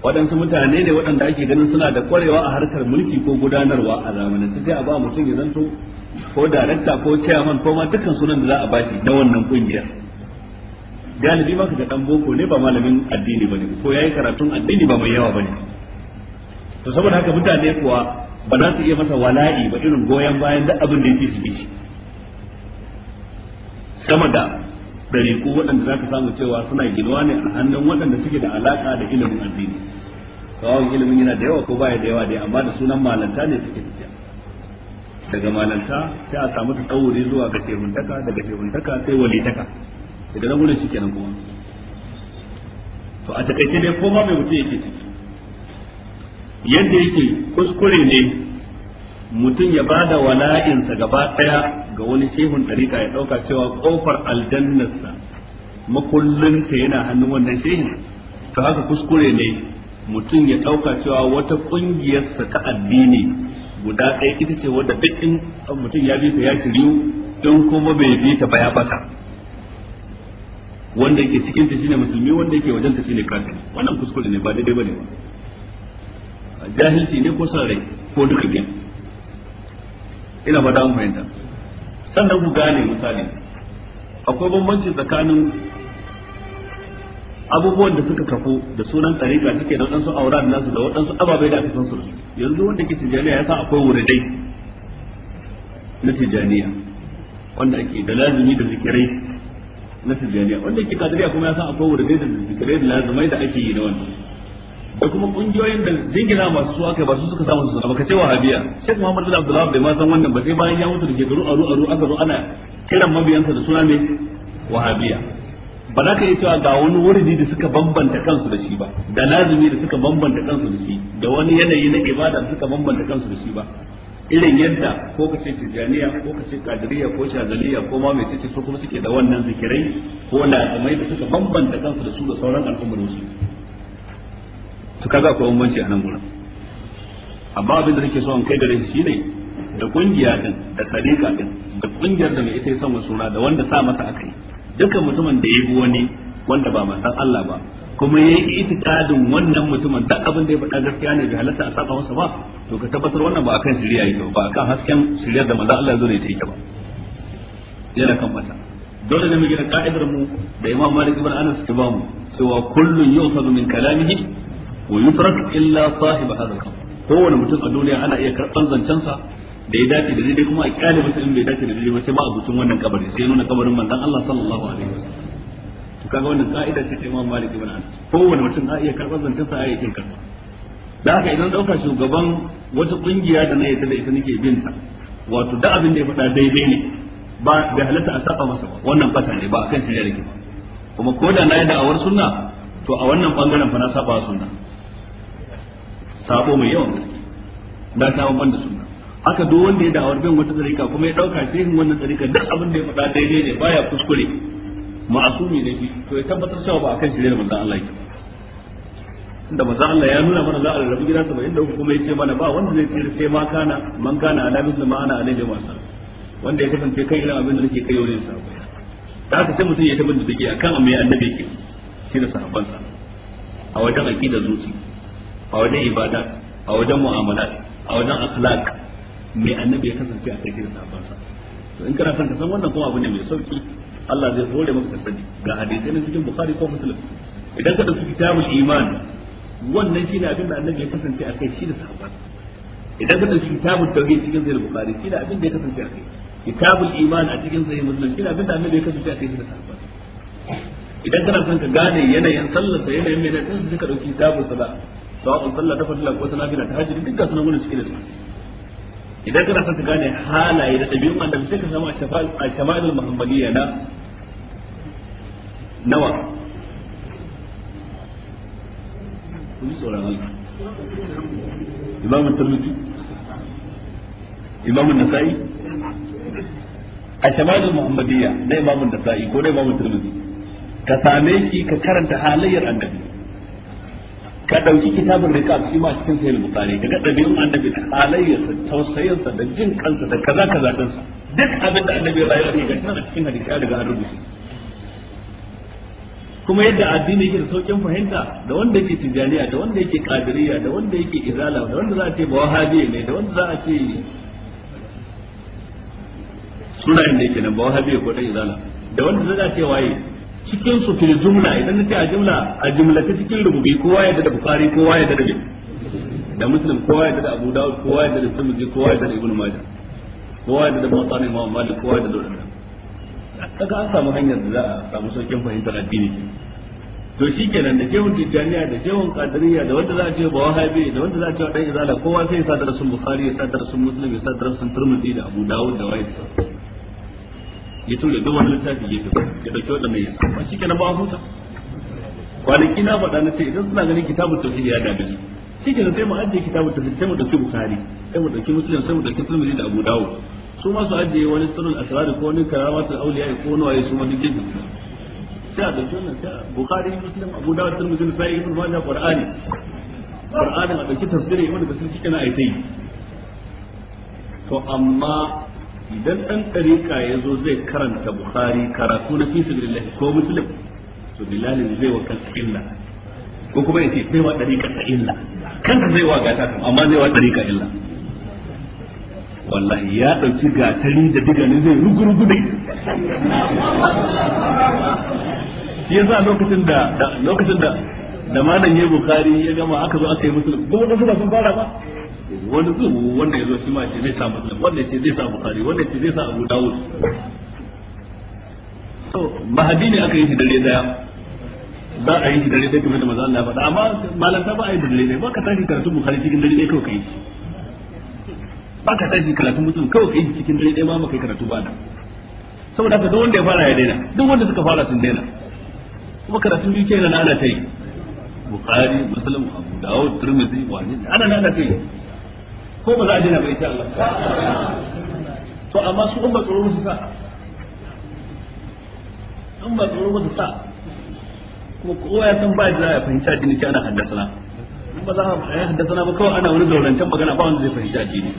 waɗansu mutane ne waɗanda ake ganin suna da ƙwarewa a harkar mulki ko gudanarwa a zamanance sai a ba mutum ya zanto ko darakta ko chairman ko ma dukkan sunan da za a bashi na wannan ƙungiyar galibi ma ga dan boko ne ba malamin addini bane ko yayi karatun addini ba mai yawa bane to saboda haka mutane kuwa ba za su iya masa wala'i ba irin goyon bayan da abin da yake su bishi sama da dariku waɗanda za ka samu cewa suna ginuwa ne a hannun waɗanda suke da alaƙa da ilimin addini kawai ilimin yana da yawa ko baya da yawa dai amma da sunan malanta ne suke tafiya daga malanta sai a samu ta tsawuri zuwa ga taka, daga taka sai walitaka daga nan wurin shikenan kuma to a takaice ne ko ma mai mutum yake ciki yadda yake kuskure ne mutum ya ba da wala'insa gaba ɗaya ga wani shehun ɗarika ya ɗauka cewa ƙofar aljannarsa makullinta yana hannun wannan shehin ta haka kuskure ne mutum ya ɗauka cewa wata ƙungiyarsa ta addini guda ɗaya ita ce wadda duk in mutum ya bi ta ya shiryu in kuma bai bi ta ba ya bata wanda yake cikin ta shine musulmi wanda yake wajen ta shine kafiri wannan kuskure ne ba daidai bane ba jahilci ne ko sarai ko duka biyan ina ba da mu fahimta sannan ku gane misali akwai bambanci tsakanin abubuwan da suka kafo da sunan tsarika suke da waɗansu da nasu da waɗansu ababai da aka san su yanzu wanda ke tijaniya ya sa akwai wuridai na tijaniya wanda ake da lazumi da zikirai na tijjaniya wanda ke kadariya kuma ya san akwai wurare da zikirai da lazumai da ake yi na wani. da kuma kungiyoyin da jingina masu su aka ba su suka samu su ba ka ce wahabiya Sheikh Muhammad bin Abdullah bai ma san wannan ba sai bayan ya mutu da shekaru aru aru aka zo ana kiran mabiyansa da suna ne wahabiya ba za ka iya cewa ga wani wuri da suka bambanta kansu da shi ba da lazumi da suka bambanta kansu da shi da wani yanayi na ibada da suka bambanta kansu da shi ba irin yadda ko kace tijaniya ko kace kadiriya ko shazaliya ko ma mai tace su kuma suke da wannan zikirai ko mai da suka bambanta kansu da su da sauran al'ummar musu to kaga ko bambanci a nan gurin amma abin da nake so in kai gare shi shine da kungiya din da tsarika din da kungiyar da mai ita ya son suna da wanda sa masa akai dukkan mutumin da ya bi wani wanda ba manzon Allah ba kuma ya yayi itikadin wannan mutumin duk abin da ya faɗa gaskiya ne bai halatta a saba masa ba to ka tabbatar wannan ba akan shari'a yake ba akan hasken shari'ar da manzo Allah ya zo ne ta yake ba yana kan mata dole ne mu gina ka'idar mu da Imam Malik ibn Anas ta ba mu cewa kullun yu'khadhu min kalamihi wa yutrak illa sahib hadha al kowane mutum a duniya ana iya karɓan zancensa da ya dace da dai kuma a kyale masa in bai dace da dai ba sai ma abucin wannan kabari sai nuna kabarin manzon Allah sallallahu alaihi wasallam kaga wannan ka'ida ce ta Imam Malik ibn Anas kowanne mutum a iya karɓar zancen sa ayyukan iya kin karɓa da haka idan dauka shugaban wata kungiya da na yadda ita nake bin ta wato da abin da ya faɗa daidai ne ba da halatta a saba masa ba wannan fata ne ba akan shirya rike ba kuma ko da na yi awar sunna to a wannan bangaren fa na saba sunna sabo mai yawan da ta banda sunna haka duk wanda ya da'awar bin wata tsarika kuma ya dauka shehin wannan tsarika duk abin da ya faɗa daidai ne baya kuskure ma'asumi ne shi to ya tabbatar cewa ba akan shirye da manzan Allah yake inda manzan Allah ya nuna mana za a rabu inda 73 kuma ce mana ba wanda zai tsira sai ma kana man kana ala bisu ma ana alaihi wa sallam wanda ya kasance kai irin abin da nake kai wurin sa ta haka sai mutum ya tabbata da a akan amma ya annabi yake shi da sahabban sa a wajen aqida zuci a wajen ibada a wajen mu'amala a wajen akhlaq me annabi ya kasance a kai da sahabban sa to in kana son ka san wannan kuma abu ne mai sauki Allah zai hore maka sani ga hadisai na cikin Bukhari ko Muslim idan ka dauki kitabul iman wannan shine abin da annabi ya kasance a kai shi da sahabbai idan ka dauki kitabul tauhid cikin zai Bukhari shine abin da ya kasance a kai kitabul iman a cikin zai Muslim shine abin da annabi ya kasance a kai shi da sahabbai idan kana son ka gane yanayin sallar sa yanayin mai nan sai ka dauki kitabul sala sawa'un sallah ta fadila ko ta nafila ta hajji dukkan sunan gurin cikin da idan kana son ka gane halaye da dabi'un annabi sai ka samu a shama'il muhammadiyya na nawa kuma sauran tsoron Allah imamun turmiti imamun nasa'i a shama'il muhammadiyya na imamun nasa'i ko na imamun turmiti ka same shi ka karanta halayyar annabi ka dauki kitabun riqab shi ma cikin sahih bukhari daga dabi'un annabi da halayyarsa tausayinsa da jin kansa da kaza kaza din duk abin da annabi ya bayar ne ga tana cikin hadisi ya daga an rubuce kuma yadda addini yake da saukin fahimta da wanda yake tijaniya da wanda yake qadiriyya da wanda yake izala da wanda za a ce bawahabi ne da wanda za a ce sunayen da yake nan bawahabi ko dan izala da wanda za a ce waye cikin su fil jumla idan nace a jumla a jumla ta cikin rububi kowa ya da bukari kowa ya da da muslim kowa ya da abu dawud kowa ya da tirmidhi kowa ya da ibn majah kowa ya da mutane imam malik kowa ya da dole kaga an samu hanyar da za a samu saukin fahimtar addini to shikenan kenan da shehun tijjaniya da shehun kadiriya da wanda za a ce ba wahabi da wanda za a ce dan izala kowa sai ya sadar sun bukhari ya sadar sun muslim ya sadar sun turmudi da abu dawud da wa'id ya tura duk wani littafi ya tafi ya dauki wadannan ya sa shi kenan ba a huta kwanaki na faɗa na ce idan suna ganin kitabun tafiya ya dame su shi kenan sai mu ajiye kitabun tafiya sai mu dauki bukhari sai mu dauki muslim sai mu dauki tirmidhi da abu dawud su ma su ajiye wani sunan asrar ko wani karamatul awliya ko wani waye su ma duk gefe sai a dauki wannan sai bukari muslim abu dawud tirmidhi sai ibn majah qur'ani qur'anin a dauki tafsiri wanda da sun shi na ai yi to amma idan dan ɗariƙa ya zo zai karanta bukhari karatu na fi sabilillahi ko muslim to billahi zai wa kansa illa ko kuma yace zai wa ɗariƙa ta illa kanka zai wa gata kan amma zai wa ɗariƙa illa wallahi ya ɗauki gatari da diganin zai rugurugu da shi yasa lokacin da lokacin da da malam ya bukhari ya gama aka zo aka yi muslim kuma wasu ba sun fara ba wani zubu wanda ya zo shi ma ce zai sa muslim wanda ya ce zai sa bukari wanda ya ce zai sa abu dawud to mahadi ne aka yi shi dare daya za a yi shi dare daya kamar da maza Allah ya faɗa amma malanta ba a yi dare daya ba ka tashi karatu bukari cikin dare daya kawai ka yi shi ba ka tashi karatu muslim kawai ka yi cikin dare daya ba ma kai karatu ba da saboda haka duk wanda ya fara ya daina duk wanda suka fara sun daina kuma karatun biyu kenan ana ta yi bukhari muslim abu dawud tirmidhi wani ana nan da kai ko ba za a dina ba insha Allah to amma su umma tsoro su sa umma tsoro su sa kuma kowa ya san ba da ya fahimci addini ke ana haddasa ba za a haddasa ba kawai ana wani zaurantar magana ba wanda zai fahimci addini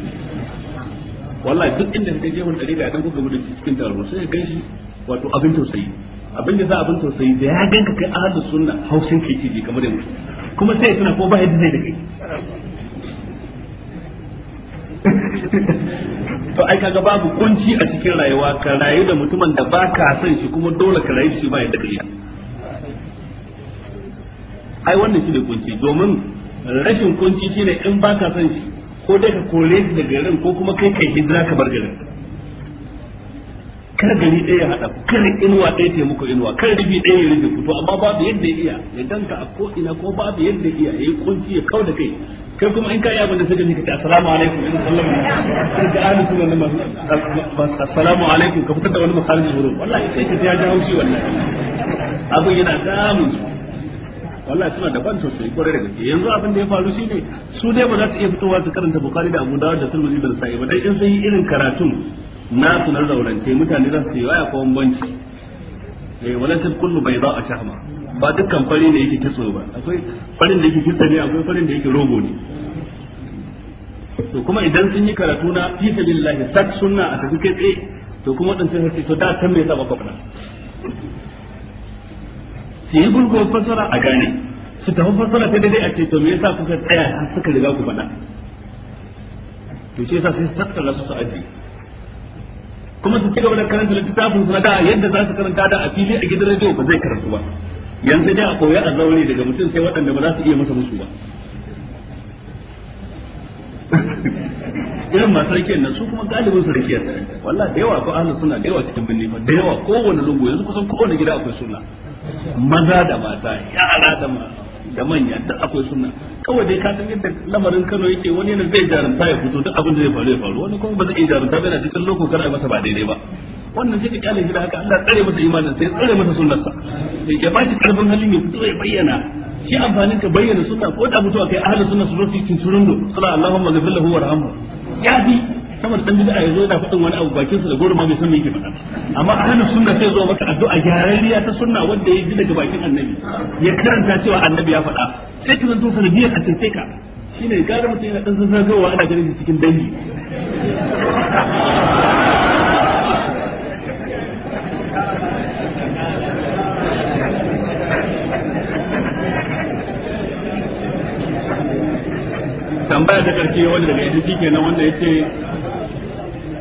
wallahi duk inda kake je mun da dan kuka gudu cikin taro sai ka ganshi wato abin tausayi abin da za abin tausayi da ya ganka kai ahadu sunna hausin kake ji kamar da mutum kuma sai ya tuna ko ba yadda zai da kai to ai kaga babu kunci a cikin rayuwa ka rayu da mutumin da ba ka san shi kuma dole ka rayu shi ba yadda ka ai wannan shi ne kunci domin rashin kunci shine in ba ka san shi ko dai ka kore shi daga garin ko kuma kai kai hijira ka bar garin kar gari ɗaya ya haɗa kar inuwa ɗaya ta muku inuwa kar rufi ɗaya ya rufe to amma babu yadda ya iya ya danka a ko ina ko babu yadda ya iya ya yi kunci ya kau da kai kai kuma in ka yi abin da suka ce ka assalamu alaikum in sallama sai ka ahli sunan nan masu assalamu alaikum ka fitar da wani misalin zuru wallahi sai ka ta ya haushi wallahi abin yana damun wallahi suna da ban sosai kwarai da gaske yanzu abin da ya faru shine su dai ba za su iya fitowa su karanta bukari da abu dawud da sulmani da sa'i ba dai in sun yi irin karatun na su na zaurance mutane za su yi waya ko banci eh wala sai kullu bai za a shahma ba dukkan fari ne yake kitso ba akwai farin da yake kitso ne akwai farin da yake rogo ne to kuma idan sun yi karatu na fi sabilillah sak sunna a tafi kai tsaye to kuma dan sai to da san me yasa ba kwafna su yi gurgo fasara a gane su tafi fasara ta daidai a ce to me yasa kuka tsaya suka riga ku faɗa to shi yasa sai tattala su su ajiye kuma su ci gaba da karanta littafin su na da yadda za su karanta da a fili a gidan radio ba zai karatu ba yanzu dai a koyi a daga mutum sai waɗanda ba za su iya masa musu ba irin masu rikiyar nan su kuma galibin su rikiyar wallah da yawa ko ahlus sunna da yawa cikin binni da yawa kowane lungu yanzu kusan kowane gida akwai sunna maza da mata yara da mata da manya duk akwai suna kawai dai ka san yadda lamarin Kano yake wani yana zai jarumta ya fito duk abin da zai faru ya faru wani kuma ba zai iya jarumta ba yana cikin loko kana masa ba daidai ba wannan sai ka kyale shi da haka Allah tsare masa imanin sai tsare masa sunnarsa ya ba karfin halin ya fito ya bayyana shi amfanin ka bayyana sunna ko da mutuwa kai ahlus sunna su zo su cin turundo sallallahu alaihi wa sallam yafi. ya fi saboda dan bid'a yazo yana faɗin wani abu bakin sa da goro ma bai san me yake faɗa amma ahlus sunna sai zo maka addu'a gyararriya ta sunna wanda ya ji daga bakin annabi ya karanta cewa annabi ya faɗa sai ka zanto sanadiyar a sai ka shine gara mutum yana dan a ana ganin cikin dangi tambaya ta karshe wanda daga yanzu shikenan wanda yace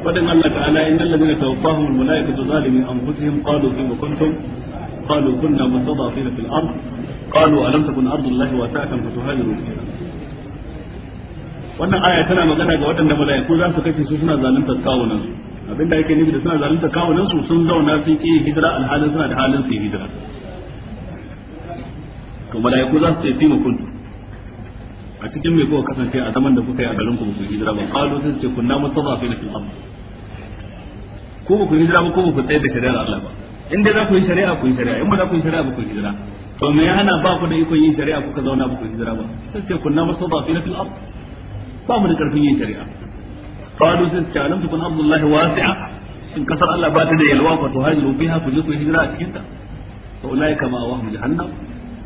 فدن الله تعالى إن الذين توفاهم الملائكة ظالمي أنفسهم قالوا فيما كنتم قالوا كنا مستضعفين في الأرض قالوا ألم تكن أرض الله واسعة فتهاجروا فيها wannan aya tana magana ga waɗanda mala'iku za su kashe su suna zalunta kawunan su abinda yake nufi da suna zalunta kawunan su sun zauna sun ki hijira alhalin suna da halin su hijira to mala'iku za su ce fi kuntu a cikin me kowa kasance a zaman da kuka yi a garin ku ku hijira ba qalu sun ce kunna mustadafina fil ardh ko ba ku hijira ba ko ba ku tsayar da shari'ar Allah ba in dai za ku yi shari'a ku yi shari'a in ba za ku yi shari'a ba ku hijira to me ya ba ku da ikon yin shari'a kuka zauna ba ku hijira ba sai ce kunna mustadafina fil ard ba mu da karfin yin shari'a qalu sai ce alam tukun abdullahi wasi'a In kasar Allah ba ta da yalwa fa to hajiru biha ku je ku hijira a cikin ta to ulai kama wa hum jahannam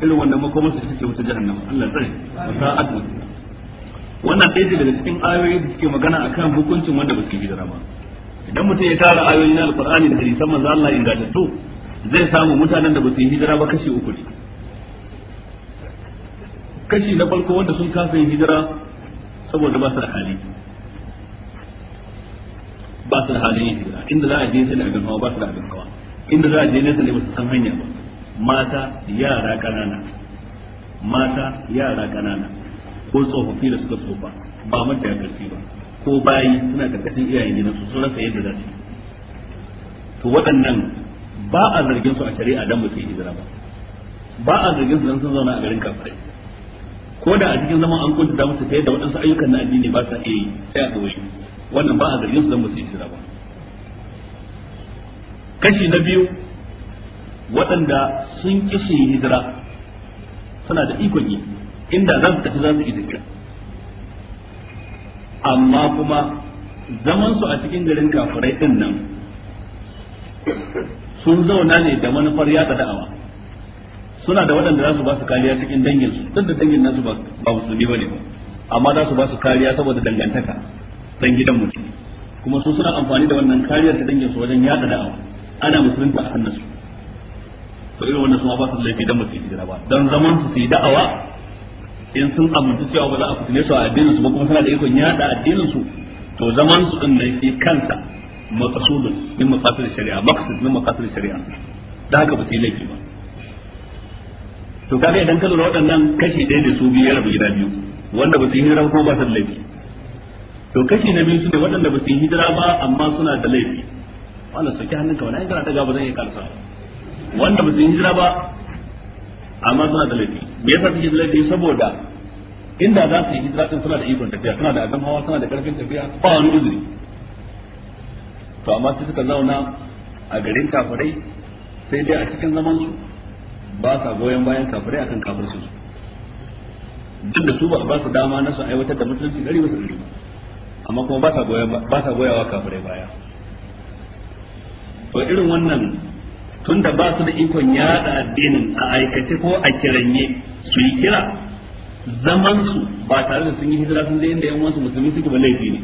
irin wannan makomar su ce wuta jahannama Allah tsare wa sa'at wannan ɗaya daga cikin ayoyi da suke magana akan hukuncin wanda ba su hijira ba idan mutum ya tara ayoyi na alqur'ani da hadisan manzo Allah ingantattu zai samu mutanen da ba su yi hijira ba kashi uku ne kashi na farko wanda sun kasa yin hijira saboda ba su da hali ba su da halin yin hijira inda za a je sai da abin ba su da abin kawa, inda za a je nesa ne ba su san hanya ba mata yara kanana mata yara kanana ko tsofaffi da suka tsofa ba mata ya karfi ba ko bayi suna karkashin iyayen su sun rasa yadda za su to waɗannan ba a zargin su a shari'a dan ba su yi hijira ba ba a zargin su dan sun zauna a garin kafirai ko da a cikin zaman an kunta musu ta yadda waɗansu ayyukan na addini ba sa iya yi sai a ɗaure wannan ba a zargin su dan ba su yi hijira ba kashi na biyu waɗanda sun ƙi su yi hijira suna da ikon yi inda za su tafi za su yi hijira amma kuma zaman su a cikin garin kafirai din nan sun zauna ne da manufar yada da'awa suna da waɗanda za su ba su kariya cikin dangin su duk da dangin nasu ba musulmi bane ba amma za su ba su kariya saboda dangantaka dan gidan mutum kuma su suna amfani da wannan kariyar ta dangin su wajen yada da'awa ana musulunta a hannun su to irin wannan su ma ba su laifi dan mutum hijira ba dan zaman su su yi da'awa in sun amince cewa ba za a fitine su a addinin su ba kuma suna da ikon yada addinin su to zaman su din nan shi kansa maqsudun min maqasid shari'a maqsud min maqasid shari'a da haka ba sai laifi ba to kaga idan ka lura waɗannan kashi ɗaya da su biyu ya rabu gida biyu wanda ba su yi hijira ko ba su da laifi to kashi na biyu su ne waɗanda ba su yi hijira ba amma suna da laifi wannan hannun ka wani ai ta daga ba zan iya karsa wanda ba su yi hijira ba amma suna da laifi me yasa take da laifi saboda inda za su yi hijira din suna da ikon tafiya suna da abin hawa suna da karfin tafiya ba wani uzuri to amma sai suka zauna a garin kafirai sai dai a cikin zaman su ba sa goyon bayan kafirai akan kafirsu duk da su ba ba su dama na su aiwatar da mutunci gari wasu gari amma kuma ba sa goyawa kafirai baya to irin wannan da ba su da ikon yada addinin a aikace ko a kiranye su yi kira zaman su ba tare da sun yi hijira sun dai inda yan wasu musulmi suke ba laifi ne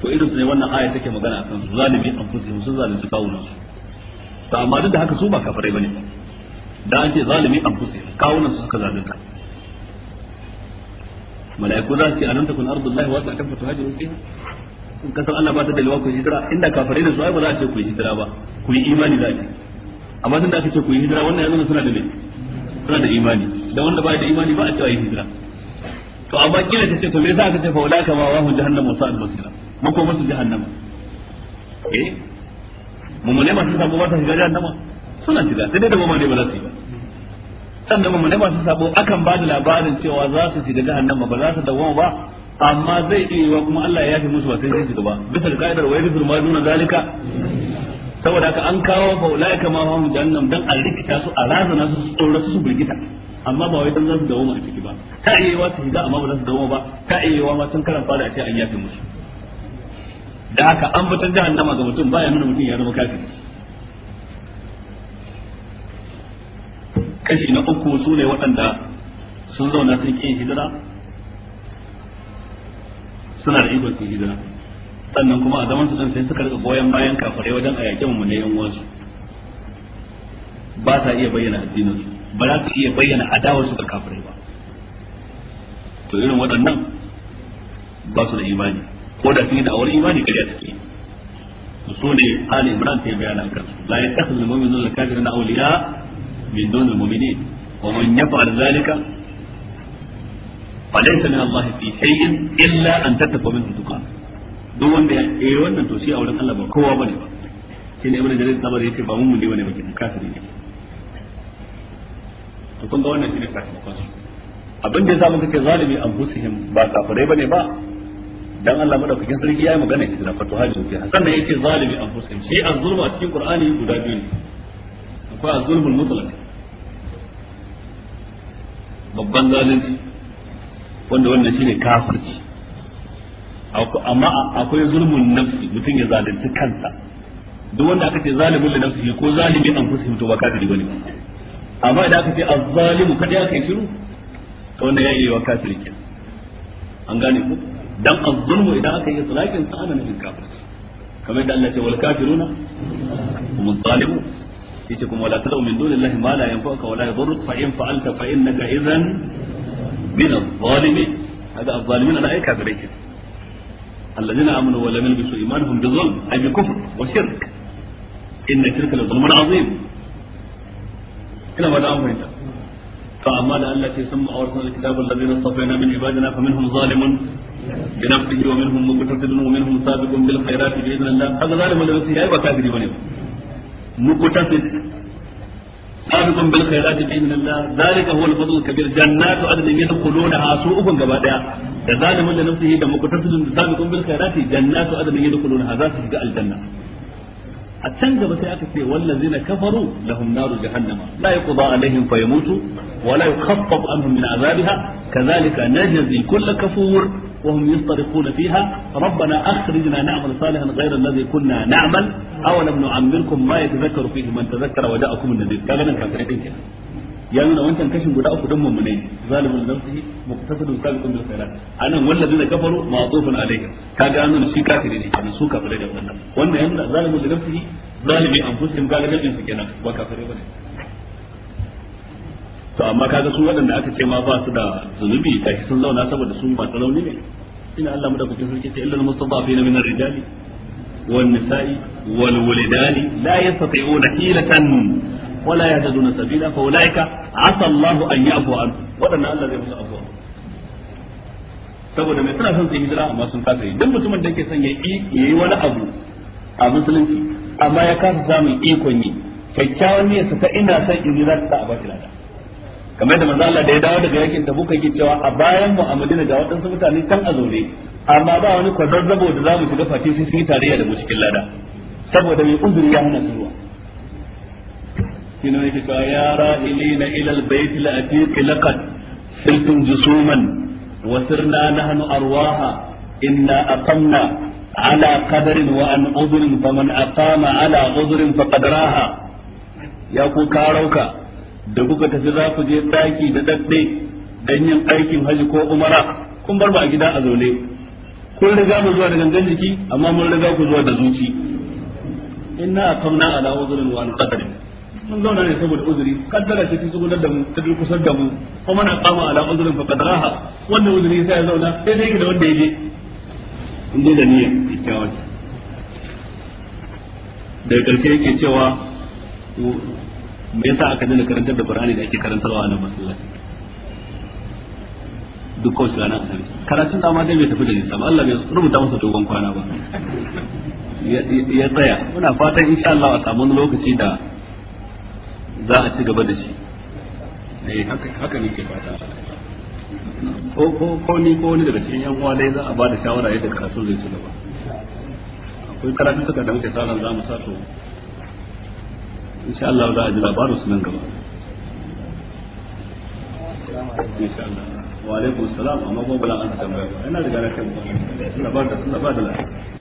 to irin su ne wannan aya take magana akan su zalimi an fusi su zalunci kawunan su to amma duk da haka su ba kafirai bane da an ce zalimi an fusi kawunan su suka zalunta mala'iku za su ce alam takun ardullahi wa ta'tam fatuhajiru fiha in kasan Allah ba ta da liwa ku hijira inda kafirai da su ai ba za a ce ku hijira ba ku yi imani za a amma tun da aka ce ku yi hijira wannan ya zama suna da suna da imani da wanda ba da imani ba a cewa yi hijira to amma kila ta ce to me yasa aka ce fa ulaka ma wa hun jahannamu al basira ko musu jahannama eh mummune masu sabo ba ta shiga jahannama suna shiga sai dai da ne ba za su yi ba sannan mummune masu sabo akan ba da labarin cewa za su shiga jahannama ba za su dawo ba amma zai iya yiwa kuma Allah ya yafe musu ba sai sun shiga ba bisa ka'idar wa yadhur ma duna zalika saboda ka an kawo fa ulaika ma hum jannam dan an rikita su a razana su su tsora su burgita amma ba wai dan zan dawo dawo a ciki ba ta iya su shiga amma ba za su dawo ba ta iya ma tun karan fara ce an yafe musu da haka an fitar jahannama ga mutum baya nuna mutum ya zama kafin. kashi na uku su ne waɗanda sun zauna sun ƙin hijira suna da ikon su hijira sannan kuma a zaman su din sai suka rika goyon bayan kafirai wajen a yaƙi mu ne yan wasu ba sa iya bayyana addinin su ba za su iya bayyana adawar su ga kafirai ba to irin waɗannan ba su da imani ko da sun yi da'awar imani kariya suke su ne ali imran ta yi bayanan a kansu la ya kasu da mu'minin da kafirin na auliya min dun mu'minin wa man yafa'al zalika falaysa min Allah fi shay'in illa an tattaqa minhu tuqa duk wanda ya yi eh, wannan to shi a wurin Allah ba kowa bane ba shi ne ibnu jarir tabari ce ba mun mun ne bane ba kafiri ne to kun ga wannan shi ne sakamakon su abin da yasa muka ce zalimi anfusihim ba kafirai bane ba dan Allah madaukakin sarki yayi magana ki da fatuha hajji fi hasan da yake zalimi anfusihim shi az-zulmu a cikin qur'ani guda biyu ne akwai az-zulmul mutlaq babban zalunci wanda wannan shine kafirci amma akwai zulmun nafsi mutum ya zalunci kansa duk wanda aka ce zalimin da nafsi ko zalimi an kusa mutum ba kafiri bane amma idan aka ce a zalimu kada ya kai shiru to wanda ya yi wa kafiri ke an gane ku dan a zulmu idan aka yi salatin sa ana nufin kafir kamar yadda Allah ya ce wal kafiruna hum zalimun yace kuma la tad'u min dunillahi ma la yanfa'uka wa la yadhurruka fa in fa'alta fa innaka idhan min adh-dhalimin hada adh-dhalimin ana ai kafirai الذين امنوا ولم يلبسوا ايمانهم بظلم اي بكفر وشرك ان الشرك لظلم عظيم كما بعد امر انت فاما التي سمى اورثنا الكتاب الذين اصطفينا من عبادنا فمنهم ظالم بنفسه ومنهم مقتصد ومنهم سابق بالخيرات باذن الله هذا ظالم لنفسه اي وكافر بنفسه مقتصد سابق بالخيرات باذن الله ذلك هو الفضل الكبير جنات عدن يدخلونها سوء جبادها da zalimin da nafsihi da muqtasidun da sabiqun bil khairati jannatu adnin yadkhuluna za su shiga aljanna a can gaba sai aka ce wallazina kafaru lahum naru jahannama la yuqda alaihim fayamutu wa la yukhaffaf anhum min azabiha kadhalika najzi kull kafur wa hum yastariquna fiha rabbana akhrijna na'mal salihan ghayra alladhi kunna na'mal aw lam nu'ammirkum ma yatadhakkaru fihi man tadhakkara wa ja'akum an-nadhir kaga nan kafirai kenan ya nuna wancan kashin guda uku don dan mummunai zalimul nafsihi muqtasidun sabiqun bil khairat anan wallazina kafaru ma'tufun alayka kaga anan shi kafiri ne kenan su kafirai da wannan wannan ya nuna zalimul nafsihi zalimi anfusihim kaga dalilin su kenan ba kafirai bane to amma kaga su waɗanda aka ce ma ba su da zunubi kashi sun zauna saboda su masu rauni ne ina Allah mu da kuke sarki ce illal mustadafina min ar-rijali wan nisa'i wal walidani la yastati'una hilatan wala yahtaduna sabila fa ulaika asa asallahu an abu an wadannan Allah zai musu abu. saboda mai suna son su hijira amma sun kasa yi duk mutumin da yake son ya yi wani abu a musulunci amma ya kasa samun ikon yi kyakkyawan niyyarsa ta ina son in za ta sa a bashi lada kamar yadda manzo Allah da ya dawo daga yakin tabuka yake cewa a bayan mu a Madina ga waɗansu mutane kan a amma ba wani kwazazzabo da zamu shiga fati sai sun yi tarayya da mu cikin lada saboda mai uzuri ya hana su zuwa shine yake cewa ya ra'ilina ila albayt al-atiq laqad siltum jusuman wa sirna nahnu arwaha inna aqamna ala qadarin wa an udrin faman aqama ala udrin faqad raha ya ku karauka da kuka tafi za ku je daki da dadde dan yin aikin haji ko umara kun bar mu a gida a zaune kun riga mu zuwa da gangan jiki amma mun riga ku zuwa da zuci inna aqamna ala udrin wa an qadarin mun zauna ne saboda uzuri kaddara ce ta tsugunar da mu ta durkusar da mu kuma na kama ala uzurin fa qadraha wannan uzuri sai ya zauna sai dai ki da wanda yaje in dai da niyya kikkiawa ce daga karshe yake cewa me yasa aka dana karantar da Qur'ani da ake karantarwa a nan masallaci duk kawai su ranar asali karatun dama dai bai tafi da nisa ba Allah bai rubuta masa dogon kwana ba ya tsaya muna fatan insha Allah a samu lokaci da za a ci gaba da shi eh, haka ne ke fata ko ko ko ni ko wani daga cikin yan uwa dai za a ba da shawara yadda karatu zai ci gaba akwai karatu suka da muke tsaron za mu sa to insha Allah za a ji labaru su nan gaba wa alaikum salam amma gobe la an tambaya ina riga na kai labarin da da